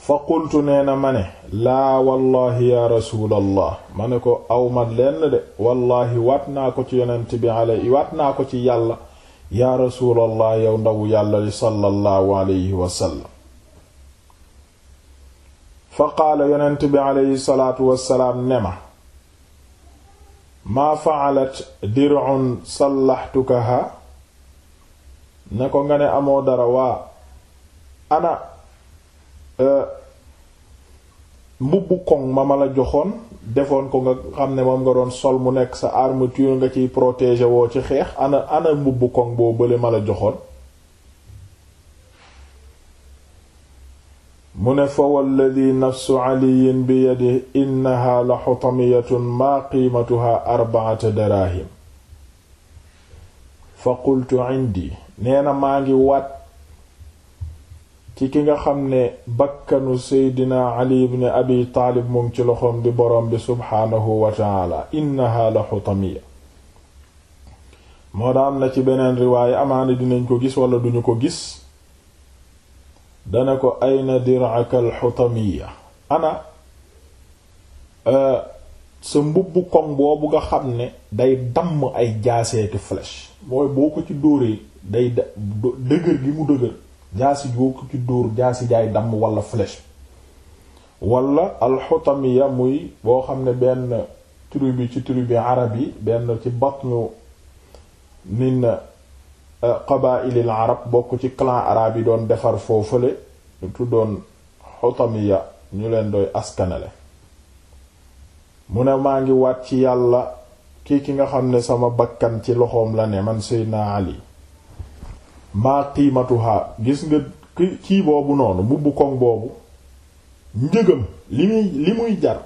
Speaker 1: fa qultu nee na ma ne laa wallahi ya rasuulallah ma ne ko awma lenn de wallahi waat naa ko ci yonent bi alay waat naa ko ci yàlla ya rasuulallah yow ndawu yàlla li sallallahu alayhi wasallam fa qaala yonent bi aleyhi salaatu wasalaam ne ma maa faalat dir'un sallaxtukaha ne ko nga ne amoo dara waa ana Euh, mbubbu koŋ ma ma la joxoon defoon ko nga xam ne moom nga doon sol mu nekk sa armature nga ciy protéger woo ci xeex ana ana mbubbu koŋ boo bële ma la joxoon mu ne fa walladi nafsu caliyin biyadi innaha la xutamiyatun maa qiimatuha arbacata daraahim fa qultu cindi nee maa ngi waat ci ki nga xam ne bakkanu seydina ali ibn abi taalib mu ngi ci loxoom di borom bi subxaanahu wa taala la xutamiya moo daam na ci beneen riwaaya amaana dinañ ko gis wala duñu ko gis dana ko ayna dir'aka al xutamiya ana euh, sa mbubb koŋ boobu nga xam ne day damm ay jaaseeki flèche mooy boo ko ci dóoree day dëgër gi mu dëgër jaasi boo ko ci duur jaasi jaay damm wala flèche wala alxutamiya muy boo xam ne benn tribu ci tribu arab yi benn ci batnu min euh, qabaa'ilil arab bokk ci clan arab yi doon defar foofale doon xutamiya ñu leen doy askanale mu ne maa ngi waat ci yàlla kii ki nga xam ne sama bakkan ci loxoom la ne man Seydina Ali maa qiimatuha gis nga kii boobu noonu mbubb koŋ boobu njëgam li muy li muy jar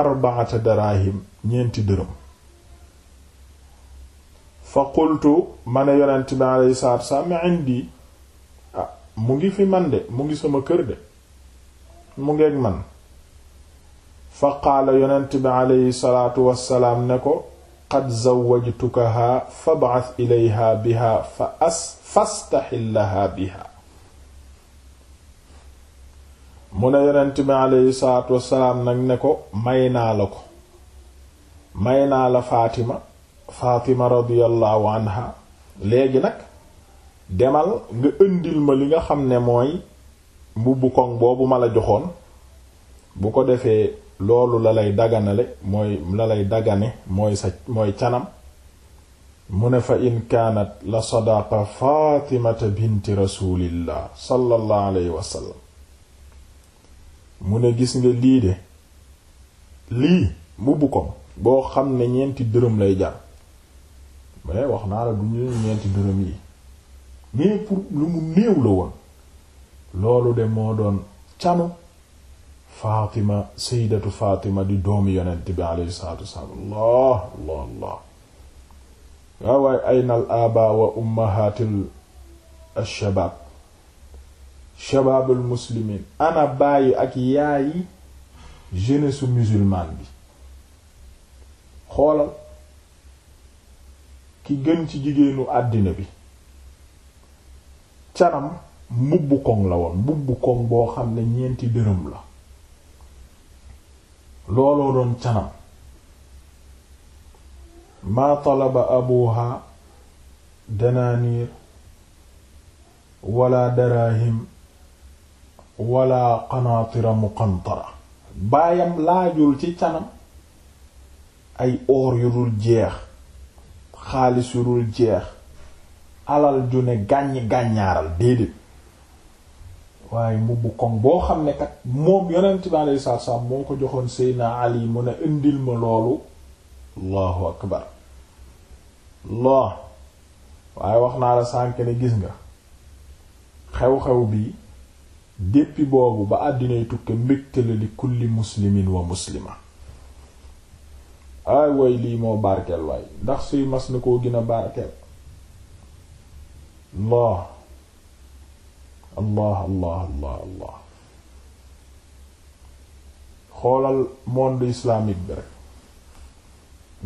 Speaker 1: arbaata daraahim ñeenti dërëm fa qultu ma ne yonent bi alayhi salaatu wassalaam ah, mu ngi fi man de mu ngi sama kër de mu ngeeg man fa qaala yonent bi alayhi salaatu wassalaam ne ko qad zawwajtukaha fab'ath ilayha mu ne yonent bi aleyhi salaatu wassalaam nag ne ko may naa la ko may naa la faatima faatima radiyallahu anha léegi nag demal nga ëndil ma li nga xam ne mooy mbubbu koŋ boobu ma la joxoon bu ko defee loolu la lay daganale mooy la lay dagane mooy sa mooy canam mu ne fa in la sadaqa fatimata binti rasulillah sallallahu alayhi wasallam mu ne gis nga lii de lii mbubb ko boo xam ne ñeenti dërëm lay jar mais wax naa la du ñu ñeenti dërëm yi mais pour lu mu néew la woon loolu de moo doon canu Fatima sayyidatu Fatima di doomi yonent bi alayhi salaatu wassalaam allah allah allah waaw waaye ayna al aba wa ummahatil shabaab shabaabul muslimiin ana bàyyi ak yaayi jeunesse su musulman bi xoolal ki gën ci jigéenu àddina bi canam mbubbu koŋ la woon mbubbu koŋ boo xam ne ñeenti dërëm la looloo doon canam maa talaba abuha danaaniir wala daraahim wala qanaatira muqantara baayam laajul ci canam ay oor yu dul jeex xaalis yu dul jeex alal ju ne gàññ gàññaaral déedéet waaye mbubb koŋ boo xam ne kat moom yonent bi alayhi salaatu moo ko joxoon Seydina Ali mu ne indil ma loolu allahu akbar allah waaye wax naa la sànk ne gis nga xew-xew bi déppi boobu ba àddinay tukke mbégte la li kulli muslimin wa muslima ay way lii moo barkeel waay ndax suy mas na koo gën a barkeel allah allah allah xoolal monde islamique bi rek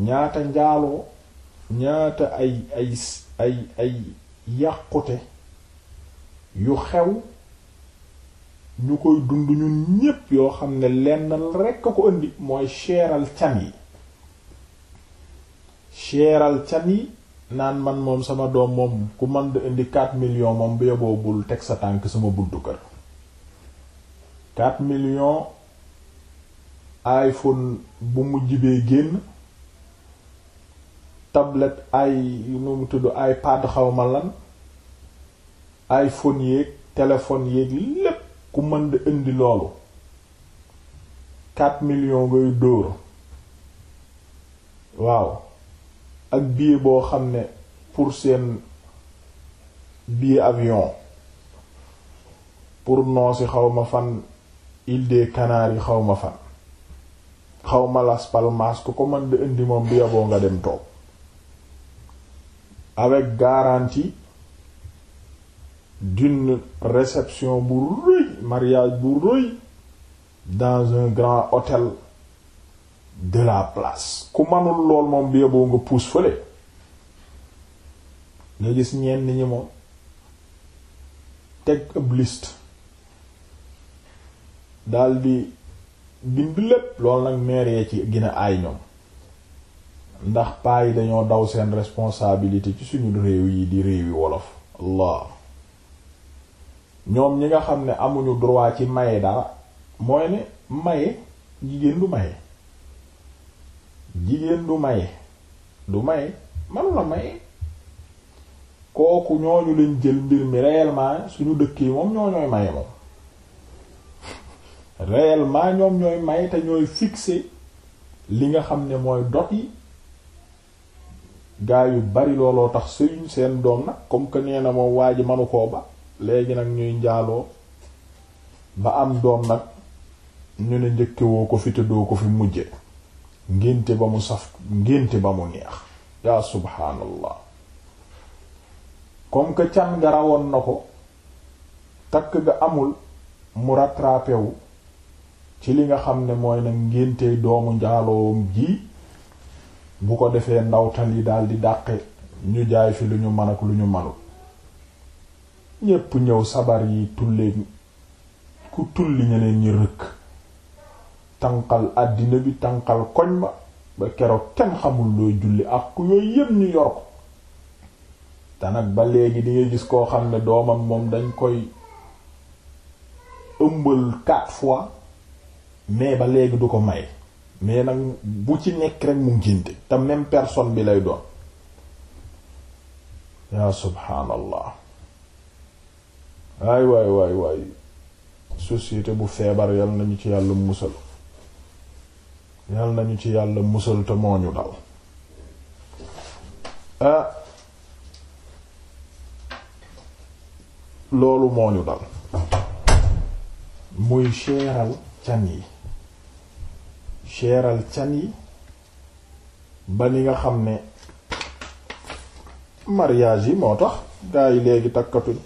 Speaker 1: ñaata njaaloo ñaata ay ay ay ay yàqute yu xew ñu koy dund ñun ñépp yoo xam ne lenn rekk a ko indi mooy seeral can yi seeral can yi naan man moom sama doom moom ku man di indi 4 millions moom bu yeboo bul teg sa tànk sama buntu kër 4 millions iPhone bu mujj bee génn tablette ay nu mu tudd iPad xaw ma lan iPhone yéeg téléphone yéeg lépp ku mën di indi loolu 4 millions ngay dóor waaw ak billet boo xam ne pour seen billet avion pour noo noosi xawma fan île des Canaries xawma fan ma Las Palmas ku ko mën di indi moom bi yaboo nga dem toog avec garantie d'une réception bu rëy mariage bu rëy dans un grand hôtel de la place ku manul lool moom bi yeboo nga puus fële nga gis ñenn ñi moom teg ab liste daldi bind lépp nag maire yee ci gën aay ñoom ndax paa yi dañoo daw seen responsabilité ci suñu réew yi di réew réewi wolof Allah ñoom ñi nga xam ne amuñu droit ci maye dara mooy ne maye jigéen du maye jigéen du maye du maye man la maye kooku ñooñu lañ jël mbir mi réellement suñu dëkk yi moom ñoo ñooy maye moom (laughs) réellement ñoom ñooy maye te ñooy fixé li nga xam ne mooy dot yi gaa yu bari looloo tax sëyuñ seen doom nag comme que nee na moom waa ji manu koo ba léegi nag ñuy njaaloo ba am doom nag ñu ne njëkkewoo ko fi te doo ko fi mujje ngénte ba mu saf ngénte ba mu neex yaa subhaanallah comme que can nga rawoon na ko takk nga amul mu rattrapé ci li nga xam ne mooy nag ngénte doomu njaaloom ji bu ko defee ndawtal yi daal dàqe ñu jaay fi lu ñu mën ak lu ñu mënul ñépp ñëw sabar yi tullee ku tulli ñeneen ñi rëkk tànqal àddina bi tànqal koñ ba ba keroog kenn xamul looy julli ak yooyu yépp ñu yor ko te ba léegi di nga gis koo xam ne doomam moom dañ koy ëmbal quatre fois mais ba léegi du ko may mais nag bu ci nekk rek mu ngénte te même personne bi lay doon yaa subhaanallah waay waay waay waay société bu feebar yal nañu ci yàlla musal na nañu ci yàlla musal te moo ñu dal ah loolu moo ñu dal muy seeral can yi seeral can yi ba ni nga xam ne mariyage yi moo tax gaa yi léegi takkatuñu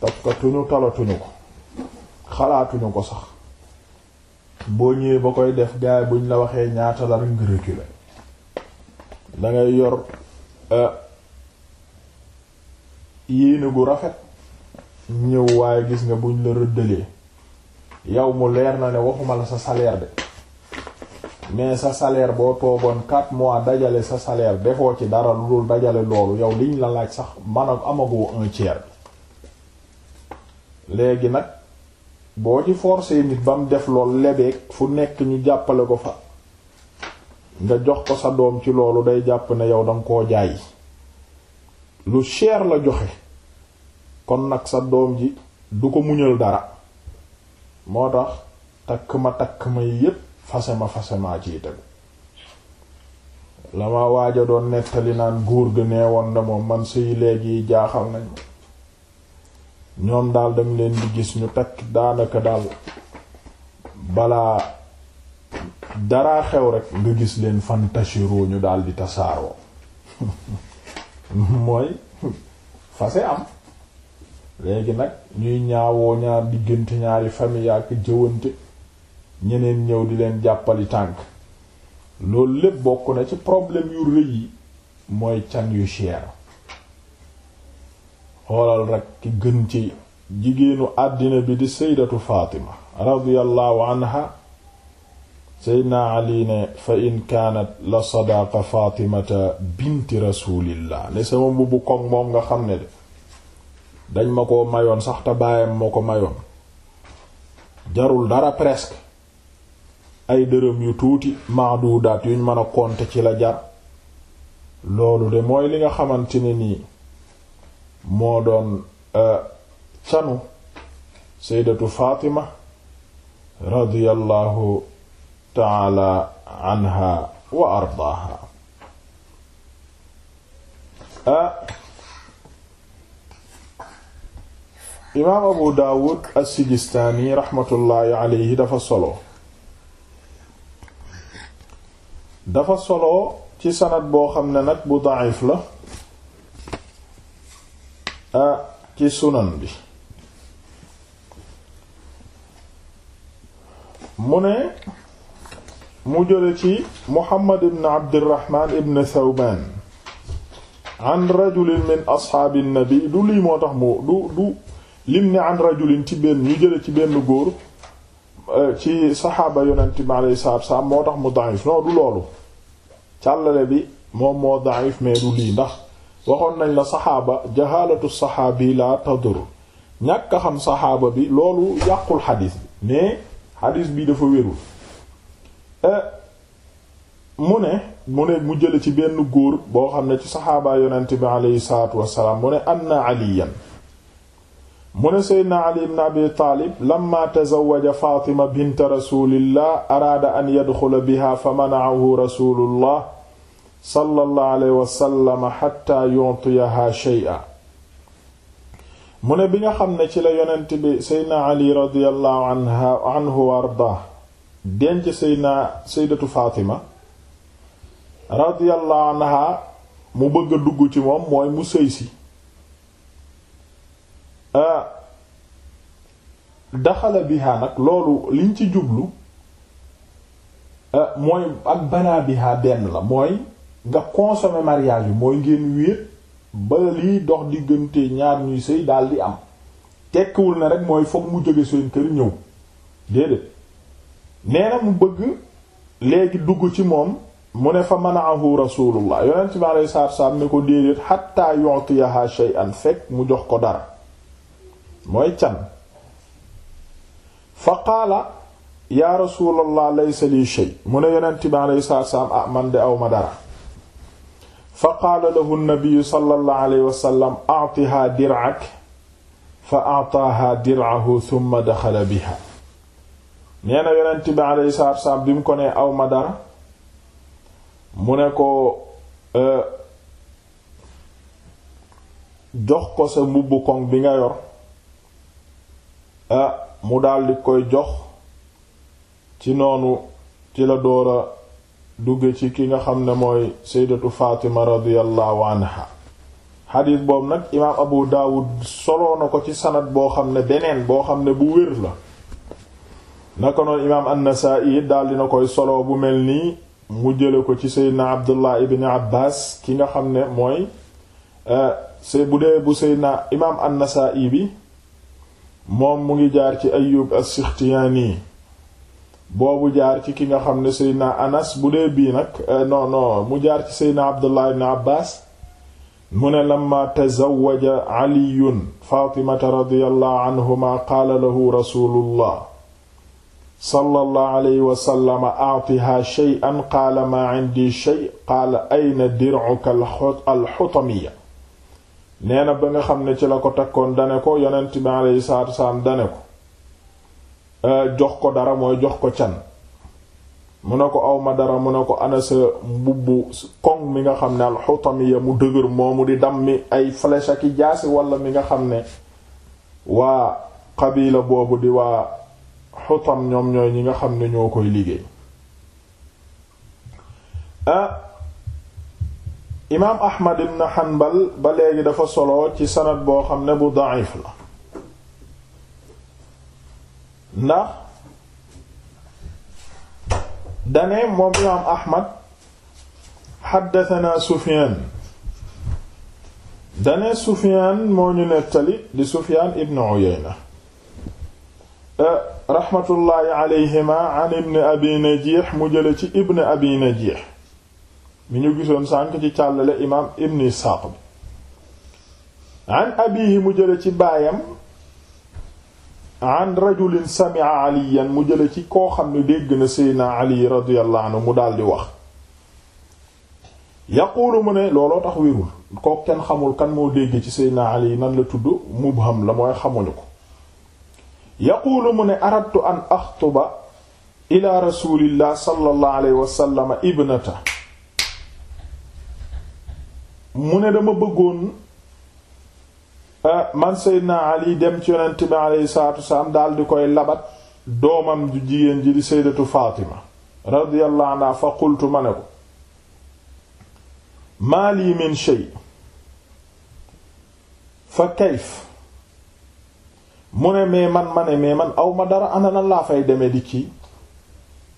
Speaker 1: takkatuñu talatuñu ko xalaatuñu ko sax boo ñëwee ba koy def gaay buñ la waxee ñaata la rek nga reculer dangay yor euh, yéene gu rafet ñëw waaye gis nga buñ la rëddalee yow mu leer na ne waxuma la sa salaire de mais sa salaire boo toogoon 4 mois dajale sa salaire defoo ci dara lu dul dajale loolu yow liñ la laaj sax man a amagoo un tiers léegi nag boo ci forcé nit ba mu def lool lebeeg fu nekk ñu jàppale ko fa nga jox ko sa doom ci loolu day jàpp ne yow danga koo jaay lu cher la joxe kon nag sa doom ji du ko muñal dara moo tax takk ma takk ma yépp fase ma fase ma ciy tegu la ma waaja doon nettali naan góor gi nee woon na moom man suy léegi jaaxal nañ ñoom daal dem leen di gis ñu takk daanaka daal balaa daraa xew rek nga gis leen fantashiru ñu daal di tasaaroo (laughs) mooy fase am léegi nag ñuy ñaawoo ñaar diggante ñaari famille ak jëwante ñeneen ñëw di leen jàppali tànk loolu lépp bokk na ci problème yu rëy yi mooy can yu cher xoolal rekk gën ci jigéenu àddina bi di saydatu faatima radiyallahu anha seydna ali ne fa in kaanat la sadaqa faatimata binti rasulillah ne sama mbubb koŋ moom nga xam ne de dañ ma ko mayoon sax te baayam ma ko mayoon jarul dara presque ay dërëm yu tuuti maadudaat yuñ mën a compter ci la jar loolu de mooy li nga xamante ne nii moo doon euh, canu saydatu Fatima radiyallahu taala anha wa ardaaha euh, imaam abu daawud as-sijistaani raxmatullaahi alayhi dafa solo dafa solo ci sanad boo xam ne nag bu daif la ci sunan bi mu ne mu jële ci Muhammad ibn Abdirahman ibn Thawban an rajulin min asxaabi nabi du lii moo tax mu du du lim ne an rajulin ci benn ñu jële ci benn góor euh, ci saxaaba yonent bi alayhi salaatu moo tax mu daif non du loolu càllale bi moom moo daif mais du lii ndax waxoon nañ la saxaaba jahalatu saxaabi la tadur ñàkk xam saxaaba bi loolu yàqul xadis bi mais xadis bi dafa wérul euh, mu ne mu ne mu jële ci benn góor boo xam ne ci saxaaba yonent bi aleyhi salaatu wassalaam mu ne anna aliyan mu ne seydna ali ibn abi taalib lamma tazawaja fatima bint rasulillah araada an yadxula biha fa manaahu rasulullah sallallahu alayhi wasallam xatta yontiyaha shay'a mu ne bi nga xam ne ci la yonent bi seydna ali radiallahu anha wa arda denc seydna seydatu faatima radiallahu anha mu bëgg dugg ci moom mooy mu sëy si ah, daxala biha nag loolu liñ ci jublu ah, mooy ak banaa biha benn la mooy nga consommer mariage bi mooy ngeen wéet ba lii dox diggante ñaar ñuy sëy daal di am tekkiwul na rek mooy foog mu jóge seen kër ñëw déedéet nee na mu bëgg léegi dugg ci moom mu ne fa manaahu rasulullah yonent bi alayhi salaatu salaam ne ko déedéet hatta yu'tiyaha shay'an fekk mu jox ko dara mooy can fa qaala yaa rasulallah lay li shay mu ne yonent bi alayhi salaatu salaam ah, man de aw ma dara fa qaala lahu nabiyu sallallahu alayhi wa sallam a'tihaa dir'ak fa a'taahaa dir'ahu thumma daxala biha nee na yonent bi alayhi salaam bi mu ko nee aw ma dara mu ne ko jox ko sa mbubbu koŋ bi nga yor ah mu daldi koy jox ci noonu ci la doora dugge ci ki nga xam ne mooy saydatu fatima radiyallahu anha xadiis boobu nag imaam abu daawud soloo na ko ci sanad boo xam ne beneen boo xam ne bu wér la naka noonu imaam an-nasa'i daldi na koy solo bu mel nii mu jële ko ci seydna abdullah ibn abbas ki nga xam ne mooy eh, say bu dee bu seydna imaam an-nasa'i bi moom mu ngi jaar ci ayub as boobu jaar ci ki nga xam ne seydna anas bu dee bii nag euh, non non mu jaar ci seydna abdullah ibn abbas mu ne lamma tazawaja caliyun faatimata radiyallahu anhuma qaala lahu rasulullah sallallahu alayhi wasallam aatiha shay'an qaala maa cindi shay qaala ayna dircuka alxutamiya nee na ba nga xam ne ci la ko takkoon dane ko alayhi salaatu wasalaam dane Eh, jox ko dara mooy jox ko can mu ne ko awma dara mu ne ko ana sa mbubb koŋ mi nga xam ne alxutami ya mu dëgër moomu di dam dammi ay flèche ak jaasi walla mi nga xam ne waa xabiila boobu di waa xutam ñoom ñooy ñi nga xam ne ñoo koy liggéey eh, imaam ahmad ibn hanbal ba léegi dafa solo ci sanad boo xam ne bu da'if la ndax dane moom imaam ahmad xaddatanaa sufiyaan dane sufiyaan moo ñu nettali di sufiyaan ibn uyayna eh, raxmatullaahi alayhima an ibn abi najiix mu jële ci ibn abi najiix mi ñu gisoon sànk ci càllale imaam ibn isxaaq bi an abiihi mu jële ci baayam an rajulin sami'a mu jële ci koo xam ne dégg na seydna ali radiyallahu anhu mu daldi wax yaquulu mu ne looloo tax wérul koo kenn xamul kan moo dégg ci seydna ali nan la tudd mubham la mooy xamuñu ko yaquulu mu ne aradtu an axtuba ila rasulillah sallallahu alayhi wasallam ibnata mu ne dama bëggoon Eh, man naa Ali dem ci yonent bi aleyhi salaatu wasalaam daal di koy labat doomam ju jigéen ji di Sayyidatu Faatima radiyallahu anha fa qultu ma ne ko maa lii min shay fa kayf mu ne mais man ma ne mais man aw ma dara ana nan laa fay demee di kii